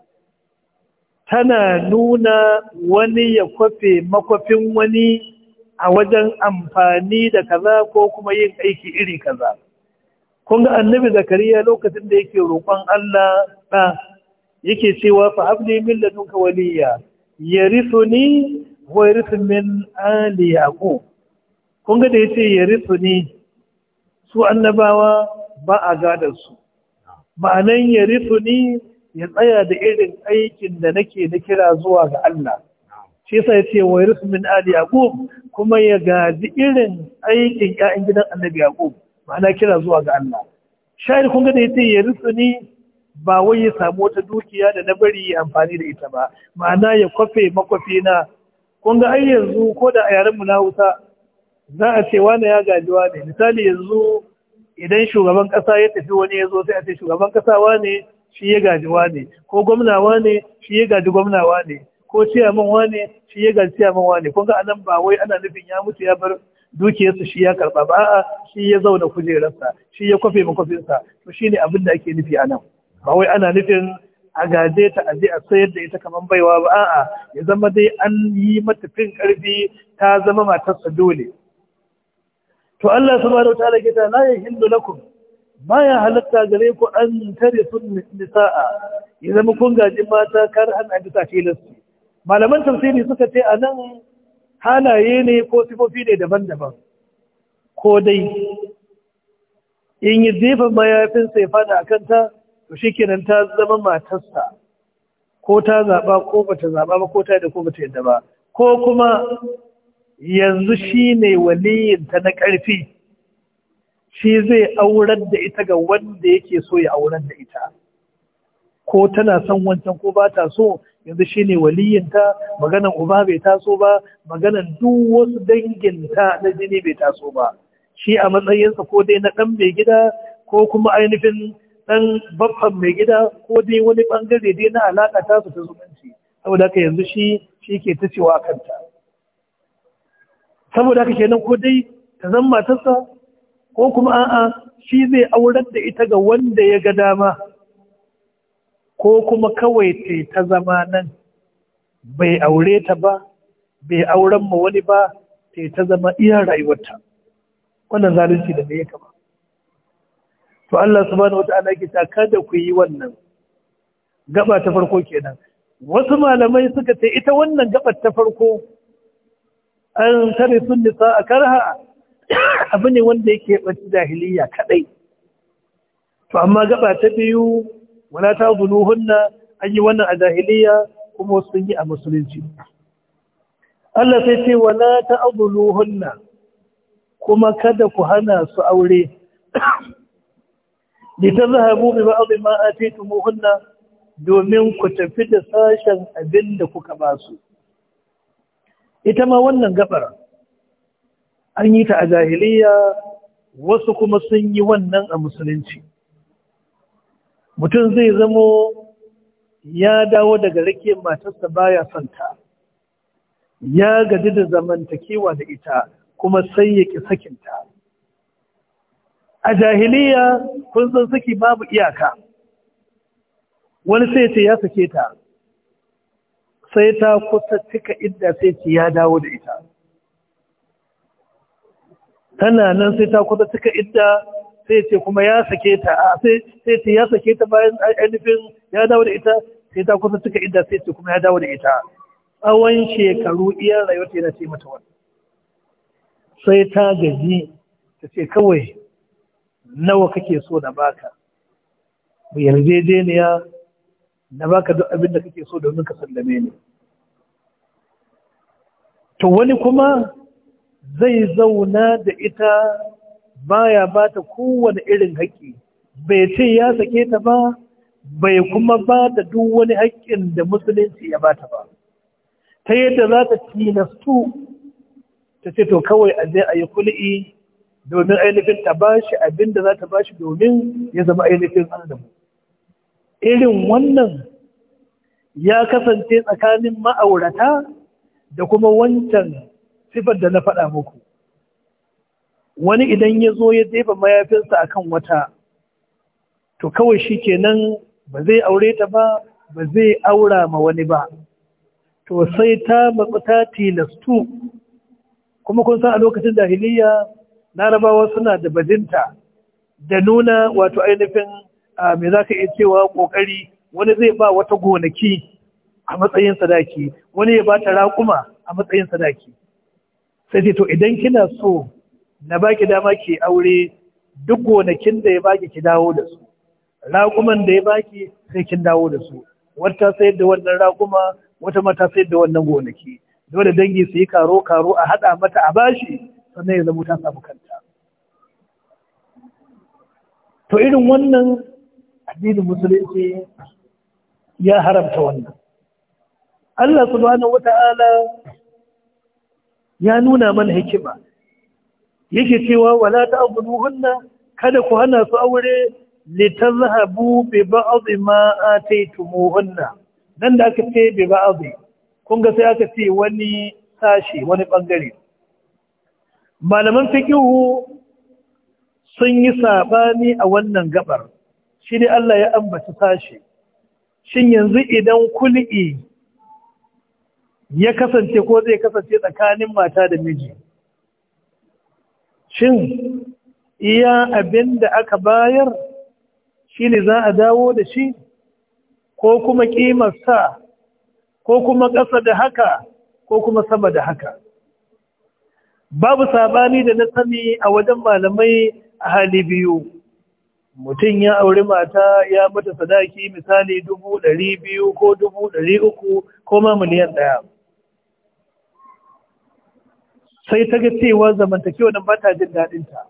tana nuna wani ya kwafe makwafin wani a wajen amfani da kaza ko kuma yin aiki iri kaza. Kun ga annabi Zakariya lokacin da yake roƙon Allah ɗa yake cewa fa habli min waliyya. waliya yarisuni wa yarisu min ali yaqo kun ga da yace yarithuni su annabawa ba a gadar su ma'anan yarisuni ya tsaya da irin aikin da nake na kira zuwa ga Allah shi yasa yace wa yarisu min ali yaqo kuma ya gaji irin aikin ƴaƴan gidan annabi Yaqo ma'ana kira zuwa ga Allah shayar kun ga da yace yarithuni ba wai ya samu wata dukiya da na bari ya amfani da ita ba ma'ana ya kwafe makwafe na kun ga ai yanzu ko da a yaren mu na Hausa za a ce wani ya gaji wani misali yanzu idan shugaban kasa ya tafi wani ya zo sai a ce shugaban kasa wani shi ya gaji wani ko gwamna wani shi ya gaji gwamna wani ko ciyaman wani shi ya gaji ciyaman wani kun ga anan ba wai ana nufin ya mutu ya bar dukiyarsa shi ya karba ba a'a shi ya zauna kujerarsa shi ya kwafe makwafinsa to shine abin da ake nufi anan. ba wai ana nufin a gaje ta aje a sayar da ita kamar baiwa ba a'a ya zama dai an yi mata fin karfi ta zama matarsa dole to Allah subhanahu wataala ke ta la hindu lakum baya halatta gare ku an sun nisa'a ya zama kun gaji mata kar an a bisa tilasti malaman tafsiri suka ce a nan halaye ne ko sifofi ne daban-daban ko dai in yi jefa mayafin ya fada a kanta to shikenan ta zama matarsa ko ta zaɓa ko bata zaɓa ba ko ta da ko bata yadda ba ko kuma yanzu shi ne waliyinta na ƙarfi shi zai aurar da ita ga wanda yake so ya aurar da ita ko tana son wancan ko ba ta so yanzu shi ne waliyinta maganan uba bai taso ba maganan duk wasu danginta na jini bai taso ba shi a matsayinsa ko dai na ɗan mai gida ko kuma ainihin Ɗan baffan mai gida ko dai wani ɓangare dai na alaƙa ta su ta zumunci saboda haka yanzu shi shi ke ta cewa kanta saboda haka kenan ko dai ta zan matarsa ko kuma a'a shi zai auren da ita ga wanda ya ga dama ko kuma kawai ta ta zama nan bai aure ta ba bai auren ma wani ba ta ta zama iya rayuwarta wannan zalunci da me ya kama to Allah subhanahu wata'ala yake ta kada ku yi wannan gaba ta farko kenan wasu malamai suka ce ita wannan gabar ta farko an tare sun nisa a karha abu ne wanda yake ɓaci jahiliya kaɗai to amma gaba ta biyu wala ta zunuhunna an yi wannan a jahiliya kuma sun yi a musulunci Allah sai ce wala ta azuluhunna kuma kada ku hana su aure litazhabu bi ba'd ma atitumuhunna domin ku tafi da sashen abin da kuka ba su ita ma wannan gabar an yi ta a jahiliya wasu kuma sun yi wannan a musulunci mutum zai zamo ya dawo daga rake matarsa baya son ta ya gaji da zamantakewa da ita kuma sai ya ƙi sakinta a jahiliya kun san saki babu iyaka wani sai ce ya sake ta sai ta kusa cika idda sai ce ya dawo da ita tana nan sai ta kusa cika idda sai ce kuma ya sake ta sai ce ya sake ta bayan ainihin ya dawo da ita sai ta kusa cika idda sai ce kuma ya dawo da ita tsawon shekaru iya rayuwa ta yana ce mata wani sai ta gaji ta ce kawai nawa kake so na baka mu yarjejeniya na baka duk abin da kake so domin ka sallame ni to wani kuma zai zauna da ita baya ba ta kowane irin haƙƙi bai ce ya sake ta ba bai kuma ba da duk wani haƙƙin da musulunci ya bata ba ta yadda za ta tilastu ta ce to kawai a je a yi kuli'i domin ainihin ta ba shi abin da za ta ba shi domin ya zama ainihin adamu irin wannan ya kasance tsakanin ma'aurata da kuma wancan sifar da na faɗa muku wani idan ya zo ya jefa mayafinsa a kan wata to kawai shi kenan ba zai aure ta ba ba zai aura ma wani ba to sai ta matsa tilastu kuma kun san a lokacin dahiliya. larabawa suna da bajinta da nuna wato ainihin me za ka iya cewa ƙoƙari wani zai ba wata gonaki a matsayin sadaki wani ya ba ta raƙuma a matsayin sadaki sai ce to idan kina so na ba ki dama ki aure duk gonakin da ya ba ki dawo da su raƙuman da ya ba ki sai kin dawo da su wata sayar da wannan raƙuma wata mata sayar da wannan gonaki dole dangi su yi karo karo a haɗa mata a bashi sannan ya zama ta samu kanta to irin wannan addinin musulunci ya haramta wannan Allah subhanahu wata'ala ya nuna mana hikima yake cewa wala hunna kada ku hana su aure litazhabu bi ba'd ma ataytumuhunna nan da aka ce bi ba'd kun ga sai aka ce wani sashi wani bangare malaman fikihu sun yi saɓani a wannan gabar shi ne Allah ya ambaci sashi shin yanzu idan kul'i ya kasance ko zai kasance tsakanin mata da miji shin iya abinda aka bayar shi ne za a dawo da shi ko kuma kimarsa ko kuma ƙasa da haka ko kuma sama da haka babu sabani da na sani a wajen malamai a hali biyu mutum ya auri mata ya mata sadaki misali dubu ɗari biyu ko dubu ɗari uku ko ma miliyan ɗaya sai ta ga cewa zamantakewa nan ba ta jin daɗinta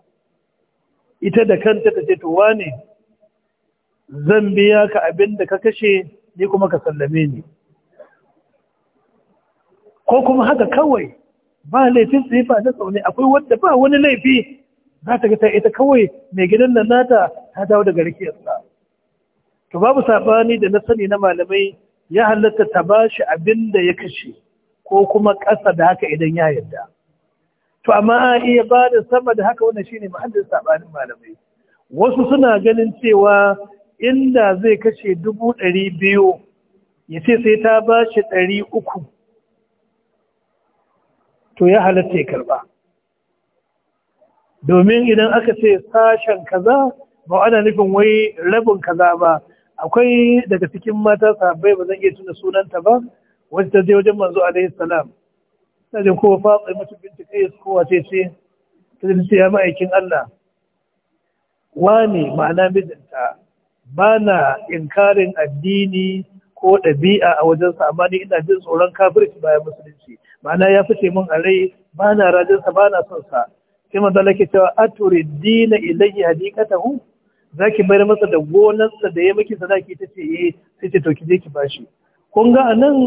ita da kanta ta ce to wane zan biya ka abin da ka kashe ni kuma ka sallame ni ko kuma haka kawai ba laifin tsifa na tsaune akwai wadda ba wani laifi za ta ga ta ita kawai mai gidan nan nata ta dawo daga rikiyarsa to babu sabani da na sani na malamai ya halatta ta ba shi abin da ya kashe ko kuma ƙasa da haka idan ya yarda to amma a iya ba da sama da haka wannan shine muhallin sabanin malamai wasu suna ganin cewa inda zai kashe dubu ɗari biyu ya ce sai ta ba shi ɗari uku to ya halatta ya karba domin idan aka ce sashen kaza ba ana nufin wai rabin kaza ba akwai daga cikin mata sahabbai ba zan iya tuna sunanta ba wacce ta je wajen manzo alaihi salam ta je ko mutum binta kai ko wace ce ta ce ya ma'aikin Allah wani ma'ana mijinta ba na inkarin addini ko ɗabi'a a wajensa amma ni ina jin tsoron kafirci bayan musulunci ma'ana ya fice min a rai ba na rajinsa ba na son sa sai manzo ke cewa aturidina ilayhi hadiqatahu zaki bayar masa da gonarsa da ya miki sadaki tace eh sai ce to ki je ki bashi kun ga anan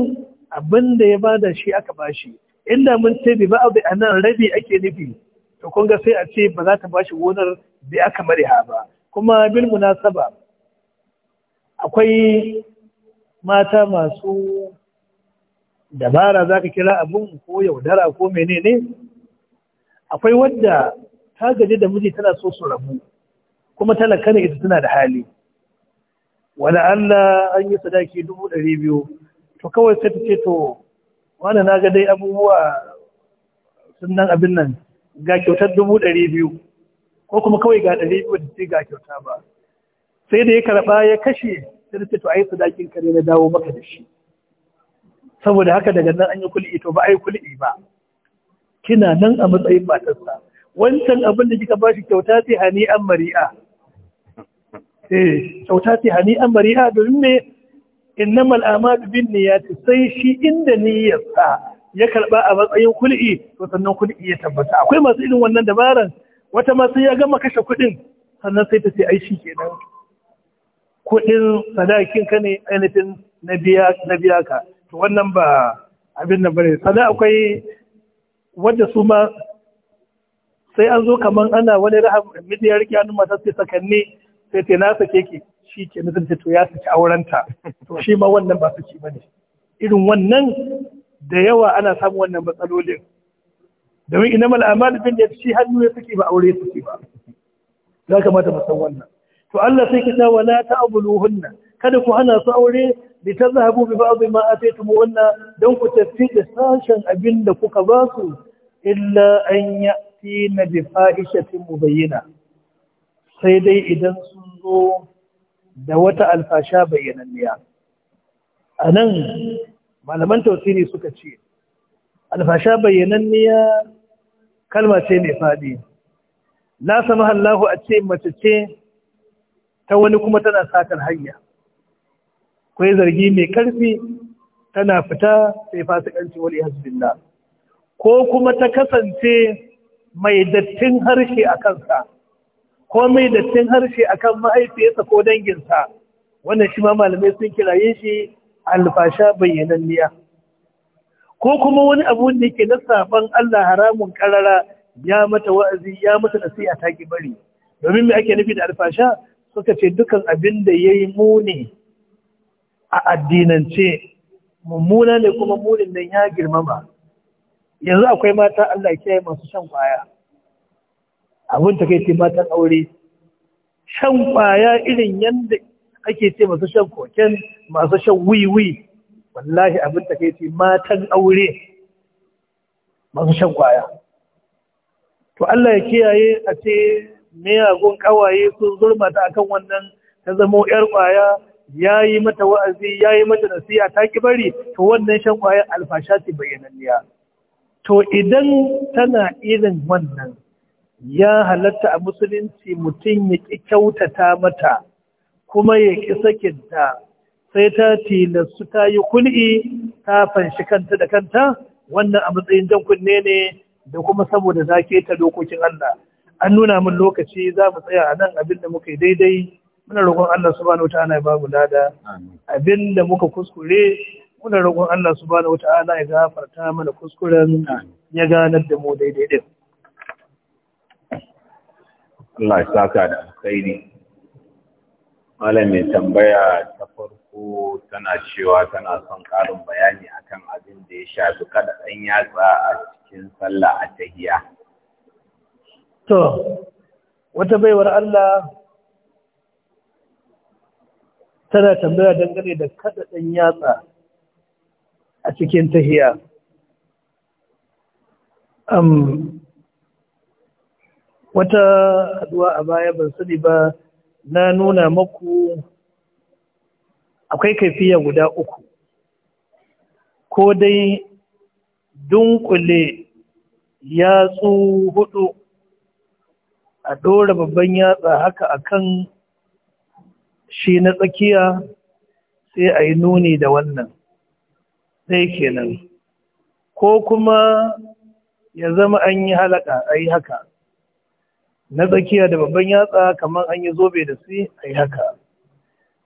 abin da ya bada shi aka bashi inda mun ce bi ba abu anan rabi ake nufi to kun ga sai a ce ba za ta bashi gonar da aka ha ba kuma bil munasaba akwai mata masu dabara za ka kira abin ko yaudara ko menene akwai wadda ta gaji da miji tana so su rabu kuma talaka ne ita tana da hali wala Allah an yi sadaki dubu ɗari biyu to kawai sai ta ce to wani na ga dai abubuwa sun nan abin nan ga kyautar dubu ɗari biyu ko kuma kawai ga ɗari biyu da ce ga kyauta ba sai da ya karɓa ya kashe sai da ce to a yi sadakin kare na dawo maka da shi saboda haka daga nan an yi kul'i to ba a yi kul'i ba kina nan a matsayin matarsa wancan abin da kika bashi shi kyauta ce hani an mari'a eh kyauta ce hani an mari'a domin me innamal a'malu bin niyyati sai shi inda niyyarsa ya karba a matsayin kul'i to sannan kul'i ya tabbata akwai masu irin wannan dabaran wata ma sai ya gama kashe kuɗin sannan sai ta ce ai shi kenan kuɗin sadakin ka ne ainihin na biya ka to wannan ba abin nan bane sannan akwai wanda su ma sai an zo kaman ana wani rahab miji rike hannun matar sai sakanni sai ta na sake ki shi ke nufin to ya saki aurenta to shi ma wannan ba saki bane irin wannan da yawa ana samun wannan matsalolin domin ina mal amal bin da shi hannu ya saki ba aure saki ba za ka mata san wannan to Allah sai ki ta wala ta'buluhunna kada ku hana su aure litazhabu bi ba'd ma wanna dan ku tafi da sashen abin da kuka ba su illa an ya'tina bi fahishatin mubayyana sai dai idan sun zo da wata alfasha bayyananniya anan malaman tausiri suka ce alfasha bayyananniya kalma ce mai faɗi la samaha Allahu a ce mace ce ta wani kuma tana satar hanya kwai zargi mai karfi tana fita sai fasikanci wal na. ko kuma ta kasance mai dattin harshe a kansa ko mai dattin harshe a akan mahaifiyarsa ko danginsa wannan shi ma malamai sun kiraye shi alfasha bayyananniya ko kuma wani abu da yake na saban Allah haramun karara ya mata wa'azi ya mata nasiha ta ki bari domin mai ake nufi da alfasha suka ce dukan abin da yayi muni a addinance mummuna ne kuma munin nan ya girmama yanzu akwai mata Allah kiyaye masu shan kwaya abin ta kai ce matan aure shan kwaya irin yanda ake ce masu shan koken masu shan wiwi wallahi abin ta kai ce matan aure masu shan kwaya to Allah ya kiyaye a ce miyagun kawaye sun zurmata akan wannan ta zamo yar kwaya ya yi mata wa'azi ya yi mata nasiya ta ki bari to wannan shan ƙwayar alfasha ce bayyananniya to idan tana irin wannan ya halatta a musulunci mutum ya ƙi kyautata mata kuma ya ƙi sakinta sai ta tilastu ta yi kul'i ta fanshi kanta da kanta wannan a matsayin jan kunne ne da kuma saboda za ta dokokin Allah an nuna min lokaci za mu tsaya a nan abin da muka yi daidai muna roƙon Allah subhanahu wata'ala ya babu lada abinda muka kuskure muna roƙon Allah subhanahu wata'ala ya gafarta mana kuskuren ya ganar da mu daidai din Allah ya saka da alkhairi malam mai tambaya ta farko tana cewa tana son ƙarin bayani akan abin da ya shafi kada ɗan yatsa a cikin sallah a tahiya to wata baiwar Allah tana tambaya dangane da kada ɗan yatsa a cikin tahiya wata haduwa a baya ban sani ba na nuna maku akwai kaifiya guda uku ko dai dunkule yatsu hudu a ɗora babban yatsa haka akan shi na tsakiya sai a yi nuni da wannan sai kenan ko kuma ya zama an yi halaka a yi haka na tsakiya da babban yatsa kamar an yi zobe da su a yi haka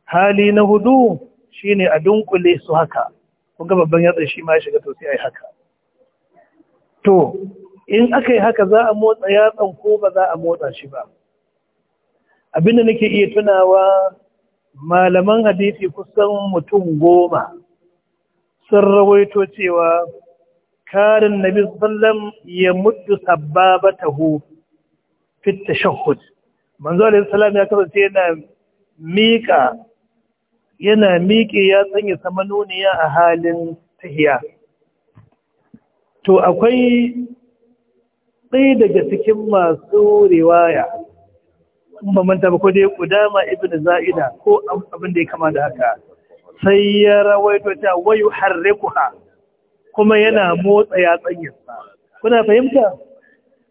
hali na hudu shi ne a dunkule su haka kuka babban yatsa shi ma ya shiga to sai a yi haka to in aka yi haka za a motsa yatsan ko ba za a motsa shi ba abinda nake iya tunawa malaman hadisi kusan mutum goma sun rawaito cewa karin nabi sallam ya muddu sababatahu fit shahud manzo alaihi salam ya kasance yana mika yana miƙe ya sanya samanoniya a halin tahiya to akwai ɗaya daga cikin masu riwaya ba manta ba ko dai kudama ibnu Za'ida ko abin da ya kama da haka sai ya rawaito ta wayu harrikuha kuma yana motsa yatsan kuna fahimta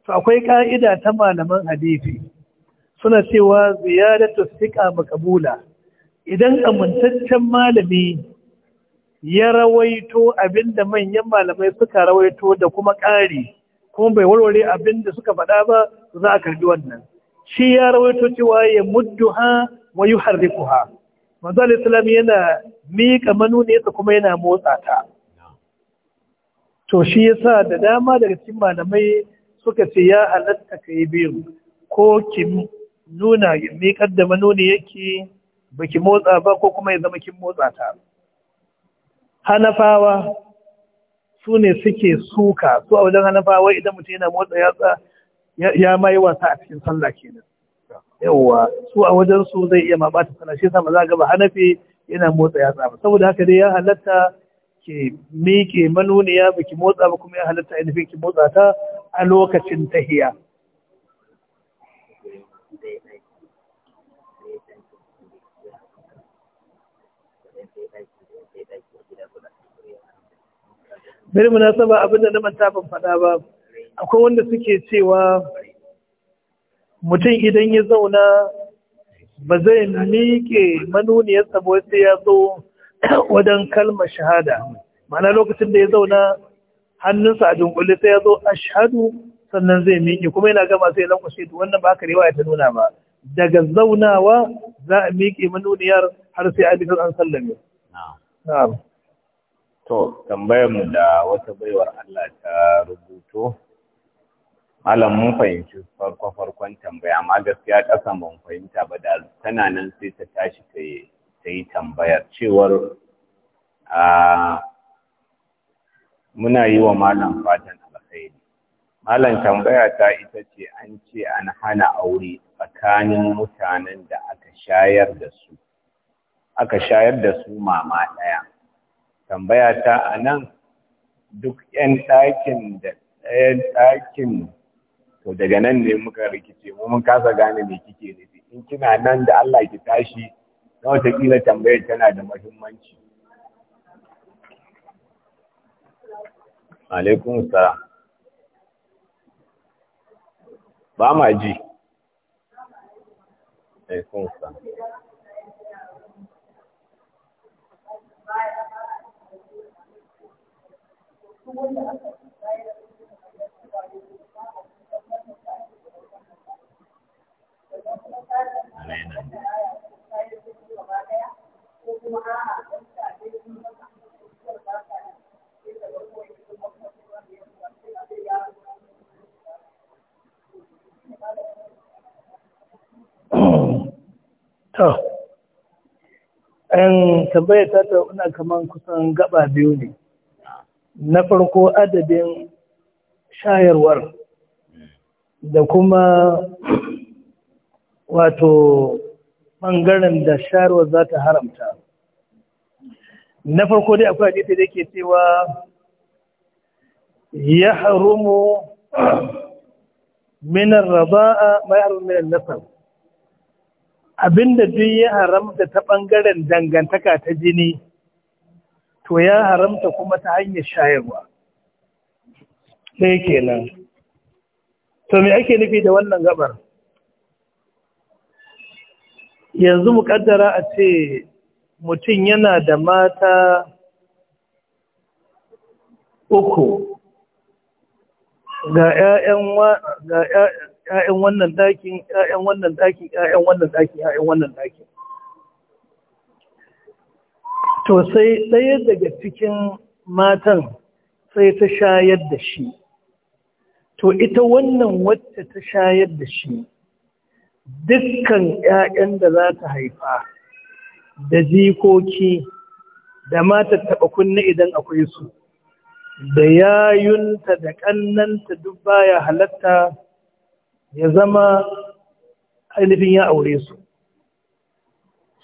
to akwai ka'ida ta malaman hadisi suna cewa ziyadatu thiqa maqbula idan amintaccen malami ya rawaito abinda manyan malamai suka rawaito da kuma ƙari kuma bai warware abinda suka faɗa ba za a karbi wannan shi ya rawaito cewa ya muddu ha wa yuharrikuha manzo al-islam yana miƙa manuniyarsa kuma yana motsa ta to shi yasa da dama daga cikin malamai suka ce ya halatta ka yi biyu ko ki nuna miƙar da manuni yake ki motsa ba ko kuma ya zama kin motsa ta hanafawa su ne suke suka su a wajen hanafawa idan mutum yana motsa yatsa ya ma yi wasa a cikin sallah kenan yawwa su a wajen zai iya mabata bata shi sama za a gaba hanafi yana motsa yatsa ba saboda haka dai ya halatta ke miƙe manuniya ba ki motsa ba kuma ya halatta nufin ki motsa ta a lokacin tahiya Bari munasaba abinda na manta ban faɗa ba akwai wanda suke cewa mutum idan ya zauna ba zai miƙe manuniyar sabo sai ya zo wajen kalmar shahada mana lokacin da ya zauna hannunsa a dunkule sai ya zo a shahadu sannan zai miƙe kuma yana gama sai lankwashe da wannan ba ka ya ta nuna ba daga zaunawa za a miƙe manuniyar har sai an an sallame to tambayar mu da wata baiwar Allah ta rubuto malam mun fahimci farko farkon tambaya amma gaskiya ƙasan ban fahimta ba da tana nan sai ta tashi ta yi tambayar cewar muna yi wa malam fatan alkhairi malam tambaya ta ita ce an ce an hana aure tsakanin mutanen da aka shayar da su aka shayar da su mama ɗaya tambaya ta a nan duk 'yan ɗakin da ɗayan ɗakin to daga nan ne muka rikice mu mun kasa gane me kike nufi in kina nan da Allah ki tashi na kila tambayar tana da muhimmanci alaikum salam ba ma ji alaikum salam To, ‘yan tambayar ta ina kamar kusan gaba biyu ne, na farko adadin shayarwar hmm. da kuma wato ɓangaren da sharuwar za ta haramta na farko dai akwai hadisi da ke cewa ya harumu minar raba'a mai harumu minar nasar abinda duk ya haramta ta ɓangaren dangantaka ta jini to ya haramta kuma ta hanyar shayarwa sai kenan to me ake nufi da wannan gabar yanzu mu kaddara a ce mutum yana da mata uku ga 'ya'yan wannan ɗakin 'ya'yan wannan ɗakin 'ya'yan wannan ɗakin 'ya'yan wannan ɗakin to sai ɗaya daga cikin matan sai ta shayar da shi to ita wannan wacce ta shayar da shi dukkan ‘ya'yan da za ta haifa da jikoki da mata taɓa kunne idan akwai su, da yayunta da ƙannanta duk baya halatta ya zama ainihin ya aure su.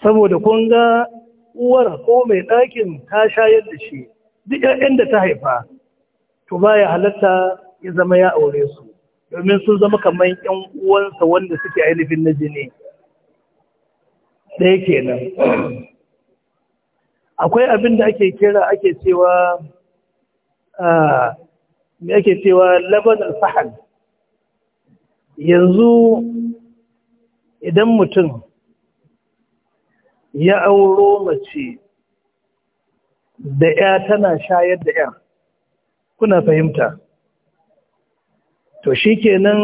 Saboda kun ga uwar ko mai ɗakin ta shayar da shi, duk ‘ya'yan da ta haifa, to baya halatta ya zama ya aure su. domin sun zama kamar ‘yan uwansa wanda suke ainihin na jini ɗaya kenan akwai abin da ake kira ake cewa me ake cewa laban sahal yanzu idan mutum ya auro mace da ‘ya tana shayar da ‘ya kuna fahimta to shi kenan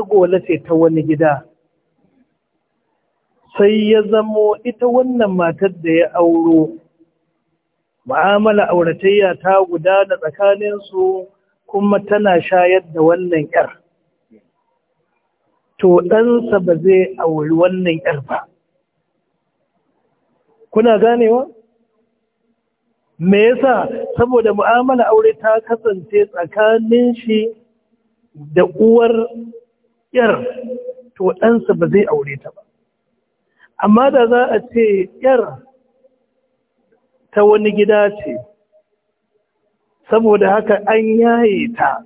agola ce ta wani gida sai ya zamo ita wannan matar da ya auro ma'amala auratayya ta gudana tsakaninsu kuma tana shayar da wannan yar to ɗansa ba zai auri wannan yar ba kuna ganewa me yasa saboda mu'amala aure ta kasance tsakanin shi da uwar yar to ɗansa ba zai aure ta ba amma da za a ce yar ta wani gida ce saboda haka an yaye ta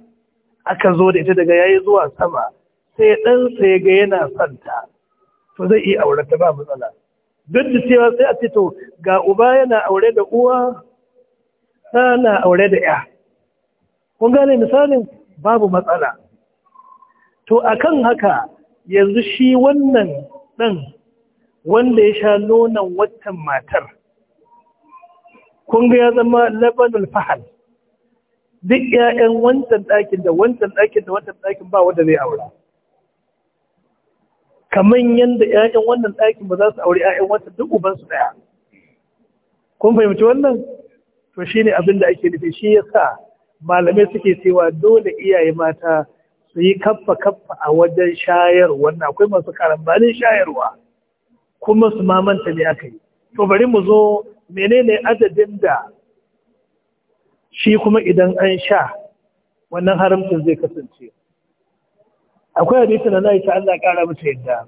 aka zo da ita daga yayi zuwa sama sai ɗansa ya ga yana santa to zai iya aure ta ba matsala duk da cewa sai a ce to ga uba yana aure da uwa ta na aure da ya kun gane misalin babu matsala to a kan haka yanzu shi wannan ɗan wanda ya sha nonon watan matar kunga ya zama labanul fahal duk 'ya'yan wancan ɗakin da wancan ɗakin da wancan ɗakin ba wanda zai aura kamar yadda 'ya'yan wannan ɗakin ba za su aure 'ya'yan wancan duk ubansu ɗaya kun fahimci wannan to shi ne abin da ake nufi shi ya sa. malamai suke cewa dole iyaye mata su yi kaffa kaffa a wajen shayarwa na akwai masu karambanin shayarwa kuma su mamanta ne aka yi to bari mu zo menene adadin da shi kuma idan an sha wannan haramcin zai kasance akwai hadisi na ta Allah kara mata yadda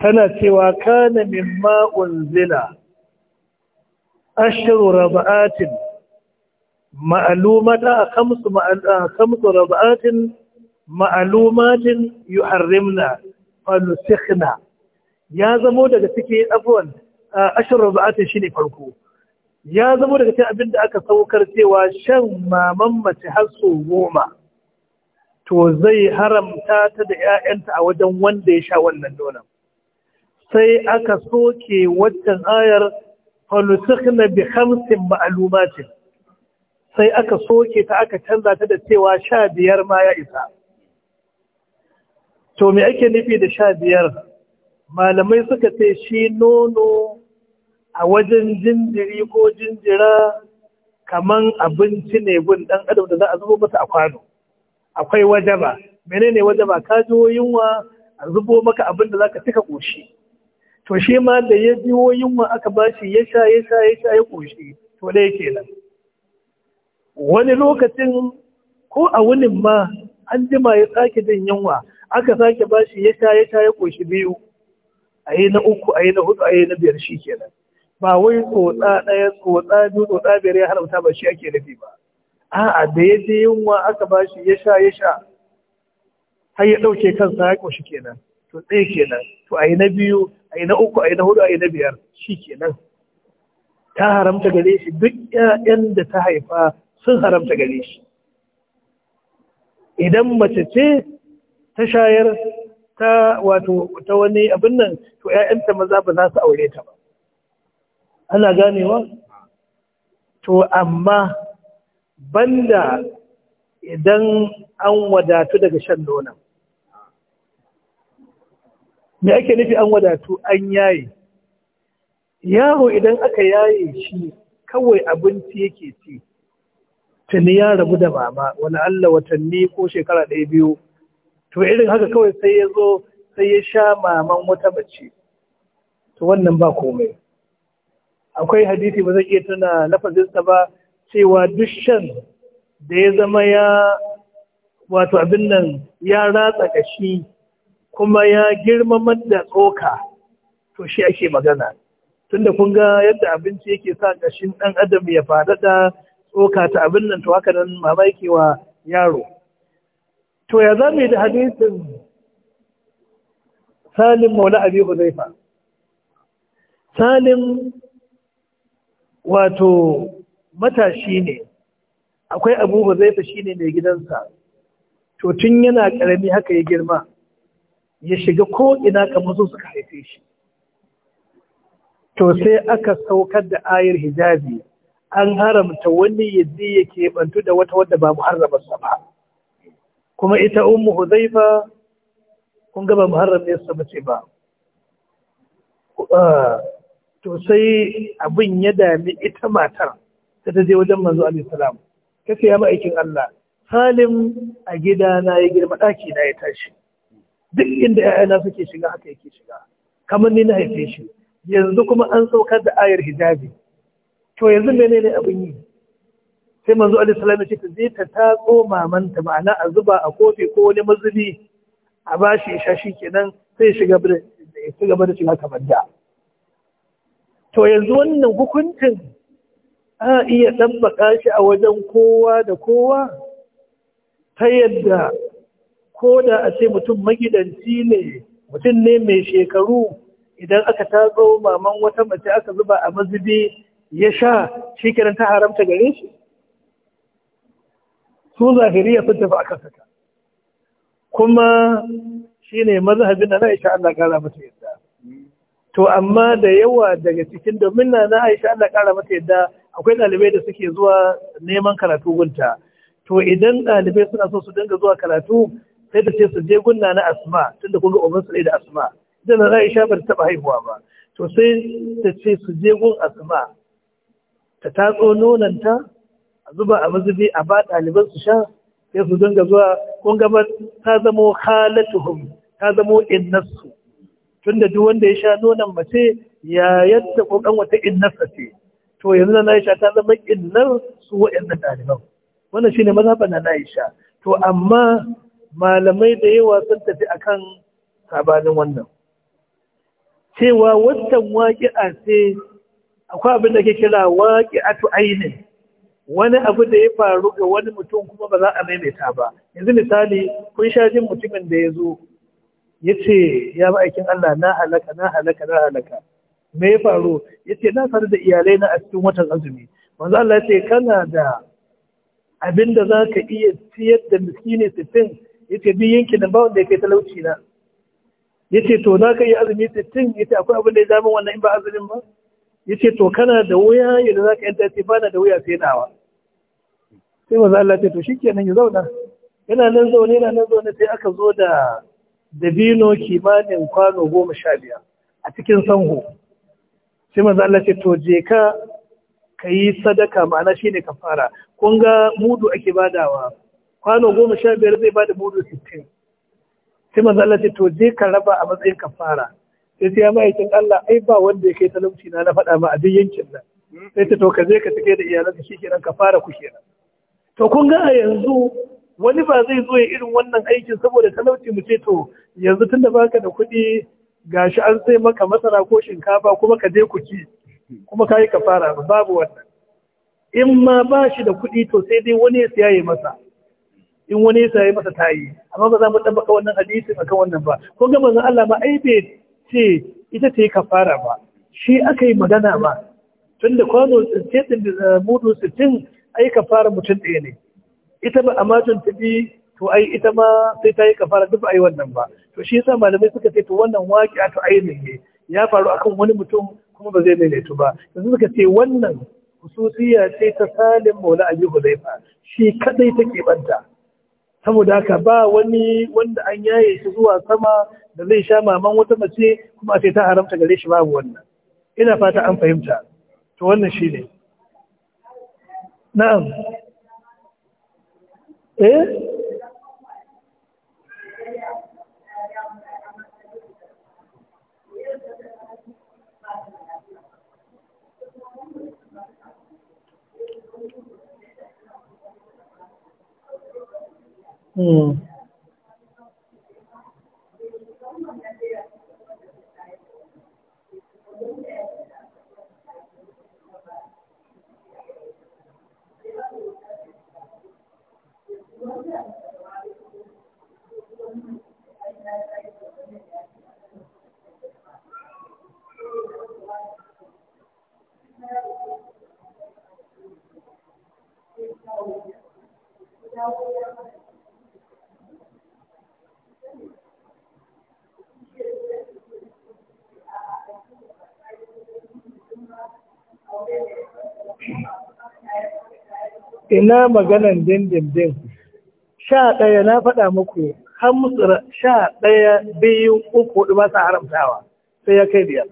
tana cewa kana mimma unzila ashru rabaatin ma'alumata a kamsu rabatin ma'alumatin yuharrimna ya zamo daga cikin afwan ashirin rabatin shine farko ya zamo daga cikin abinda aka saukar cewa shan maman mace har so goma to zai haramta ta da 'ya'yanta a wajen wanda ya sha wannan nonon sai aka soke waccan ayar fanusikhna bi khamsin ma'alumatin sai aka soke ta aka canza ta da cewa sha biyar ma ya isa to me ake nufi da sha biyar malamai suka ce shi nono a wajen jinjiri ko jinjira kaman abinci ne gun ɗan adam da za a zubo masa a kwano akwai wajaba waje wajaba ka jiwo yunwa a zubo maka abin da za zaka cika ƙoshi? to shi ma da ya jiwo yunwa aka bashi ya sha ya sha ya sha ya ƙoshi, to yake nan. wani lokacin ko a wani ma an jima ya sake jin yunwa aka sake bashi ya sha ya sha ya koshi biyu a yi na uku a yi na hudu a yi na biyar shi kenan ba wai tsotsa ɗaya tsotsa biyu tsotsa biyar ya haramta ba shi ake nufi ba a'a da ya je yunwa aka bashi ya sha ya sha har ya ɗauke kansa ya koshi kenan to ɗaya kenan to a yi na biyu a yi na uku a yi na hudu a yi na biyar shi kenan ta haramta gare shi duk 'ya'yan da ta haifa sun haramta gare shi idan mace ce ta shayar ta wato ta wani abin nan to 'ya'yanta maza ba za su aure ta ba ana ganewa to amma banda idan an wadatu daga shan nonon me ake nufi an wadatu an yaye yaro idan aka yaye shi kawai abinci yake ci tuni ya rabu da mama wani Allah watanni ko shekara ɗaya biyu to irin haka kawai sai ya zo sai ya sha maman wata mace to wannan ba komai akwai hadisi ba zai iya tuna lafazinsa ba cewa duk shan da ya zama ya wato abin nan ya ratsa kashi kuma ya girmama da tsoka to shi ake magana tunda kun ga yadda abinci yake sa kashin ɗan adam ya faɗaɗa tsoka ta abin nan to haka nan mama yake wa yaro to ya za da hadisin salim maula abi huzaifa salim wato matashi ne akwai abu huzaifa ne mai gidansa to tun yana ƙarami haka ya girma ya shiga ko ina kamar su suka haife shi to sai aka saukar da ayar hijabi an haramta wani ya je ya keɓantu da wata wadda ba muharramarsa ba kuma ita ummu huzaifa kun ga ba sa mace ba ah, to sai abin ya dami ita matar da ta je wajen manzo alayhi salam ce ya ma'aikin Allah salim a gida na ya girma ɗaki na ya tashi duk inda ‘ya'yana suke shiga haka yake shiga kamar ni na haife shi yanzu kuma an saukar da ayar hijabi to yanzu menene abin yi sai manzo alaihi salam ya ce ta je ta tatso mamanta ma'ana a zuba a kofi ko wani mazubi a bashi ya sha shi kenan sai ya shiga da ci gaba da shiga kamar da to yanzu wannan hukuncin a iya ɗabbaka shi a wajen kowa da kowa ta yadda ko da a ce mutum magidanci ne mutum ne mai shekaru idan aka tatso maman wata mace aka zuba a mazubi ya sha shi kenan ta haramta gare shi su zahiriya sun tafi akan saka kuma shi ne mazhabin da na Aisha Allah kara mata yadda to amma da yawa daga cikin domin na na Aisha Allah kara mata yadda akwai ɗalibai da suke zuwa neman karatu gunta to idan ɗalibai suna so su dinga zuwa karatu sai da ce su je gunna na asma tunda kun ga ubansu ne da asma idan na Aisha ba taba haihuwa ba to sai ta ce su je gun asma ta tatso nonanta a zuba a mazubi a ba ɗaliban su sha sai su dinga zuwa kun gaba ta zamo halatuhum ta zamo innarsu tunda duk wanda ya sha nonon mace ya yadda kokan wata innasa ce to yanzu na Aisha ta zama innar su waɗannan ɗaliban wannan shine mazhaban na Aisha to amma malamai da yawa sun tafi akan sabanin wannan cewa wannan waƙi'a ce akwai abin da ke kira waƙi atu ainin wani abu da ya faru ga wani mutum kuma ba za a maimaita ba yanzu misali kun sha jin mutumin da ya zo ya ce ya ma'aikin Allah na halaka na halaka na halaka me ya faru ya ce na faru da iyalai na a cikin watan azumi wanzu Allah ya ce kana da abin da za ka iya siyar da miskini sittin ya ce bi yankin da bawon da ya kai talauci na ya ce to za ka yi azumi sittin ya ce akwai abin da ya zama wannan in ba azumin ba ya ce to kana da wuya yadda za ka yanta tefa na da wuya sai dawa sai maza Allah ce to shi kenan ya zauna yana nan zaune yana nan zaune sai aka zo da dabino kimanin kwano goma sha biyar a cikin sanho sai maza Allah ce to je ka ka yi sadaka ma'ana shi ne fara. kun ga mudu ake badawa kwano goma sha biyar zai bada mudu sittin sai maza Allah ce to je ka raba a matsayin ka fara. sai ta yi ma'aikin Allah ai ba wanda ya kai talauci na na faɗa ma a duk yankin nan sai ta to ka je ka cike da iyalanka shi kenan ka fara ku kenan to kun ga a yanzu wani ba zai zo ya irin wannan aikin saboda talauci mu ce to yanzu tunda baka da kuɗi gashi an sai maka masara ko shinkafa kuma ka je ku ci kuma kai ka fara babu wannan in ma ba shi da kuɗi to sai dai wani ya siya masa in wani ya siya masa ta yi amma ba za mu ɗan baka wannan hadisi akan wannan ba ko ga manzon Allah ma ai bai ce ita ce kafara ba shi aka yi magana ba tun da kwano tsintsin da mudu sittin ai kafara mutum ɗaya ne ita ba a matun tafi to ai ita ma sai ta yi kafara duk ai wannan ba to shi yasa malamai suka ce to wannan waƙi to ainihin ne ya faru akan wani mutum kuma ba zai daidaitu ba yanzu suka ce wannan hususiya ce ta salim maula abi hudaifa shi kadai take banta saboda haka ba wani wanda an yaye shi zuwa sama da zai sha maman wata mace kuma sai ta haramta gare shi babu wannan ina fata an fahimta to wannan shi ne na'am eh 嗯。ina maganan dindindin sha ɗaya na faɗa muku hamsura sha ɗaya biyu uku hudu ba haramtawa sai ya kai biyar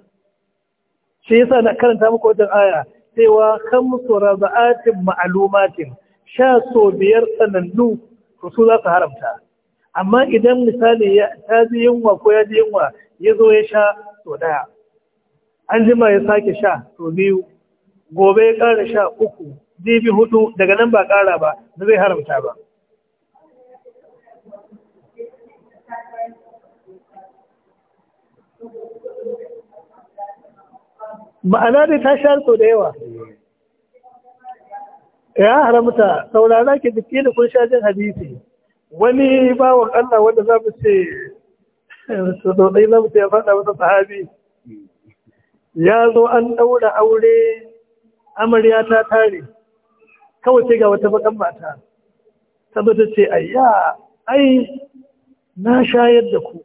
shi yasa na karanta muku wajen aya cewa hamsura za'atin ma'alumatin sha so biyar sanannu su za su haramta amma idan misali ya ta ji yunwa ko ya ji yunwa ya zo ya sha so ɗaya an jima ya sake sha so biyu gobe ya ƙara sha uku jibi hudu daga nan ba ƙara ba da zai haramta ba ma'ana dai ta sha sau da yawa ya haramta saurara ke jiki da kun sha jin hadisi wani bawan Allah wanda za mu ce su dodai za mu ce ya faɗa wasu sahabi ya zo an ɗaura aure amarya ta tare kawai sai ga wata bakan mata ta ta ce ayya ai na shayar da ku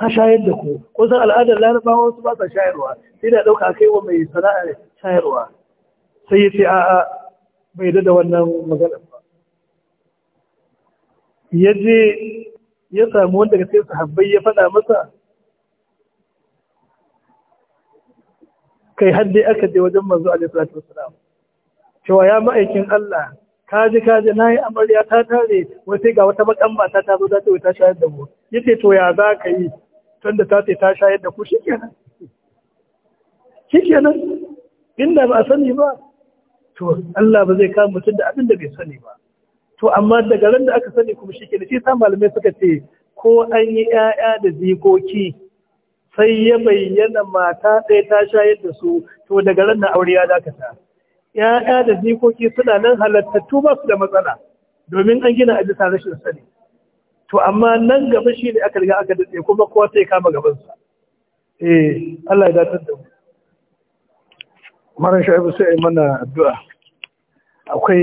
na shayar da ku ko san al'adar larabawa wasu ba sa shayarwa sai da ɗauka kai wa mai sana'a shayarwa sai ya ce a'a bai da wannan maganar ba ya je ya samu wanda ga sai sahabbai ya faɗa masa kai har dai aka je wajen manzo alaihi salatu wasalam cewa ya ma'aikin Allah ka ji ka ji nayi amarya ta tare wai sai ga wata bakan mata ta zo za ta ta shayar da mu yace to ya za ka yi tunda ta ce ta shayar da ku shikenan shikenan inda ba a sani ba to Allah ba zai kama mutum da abin da bai sani ba to amma daga ran da aka sani kuma shikenan shi sa malamai suka ce ko an yi 'ya'ya da zikoki sai ya bayyana mata ɗaya ta shayar da su to daga ran na aure ya dakata ya'ya da jikoki suna nan halattattu ba su da matsala domin an gina a bisa rashin sani to amma nan gaba shi ne aka riga aka daɗe kuma kowa sai kama gabansa eh Allah ya datar da mu maran sha'ibu sai mana addu'a akwai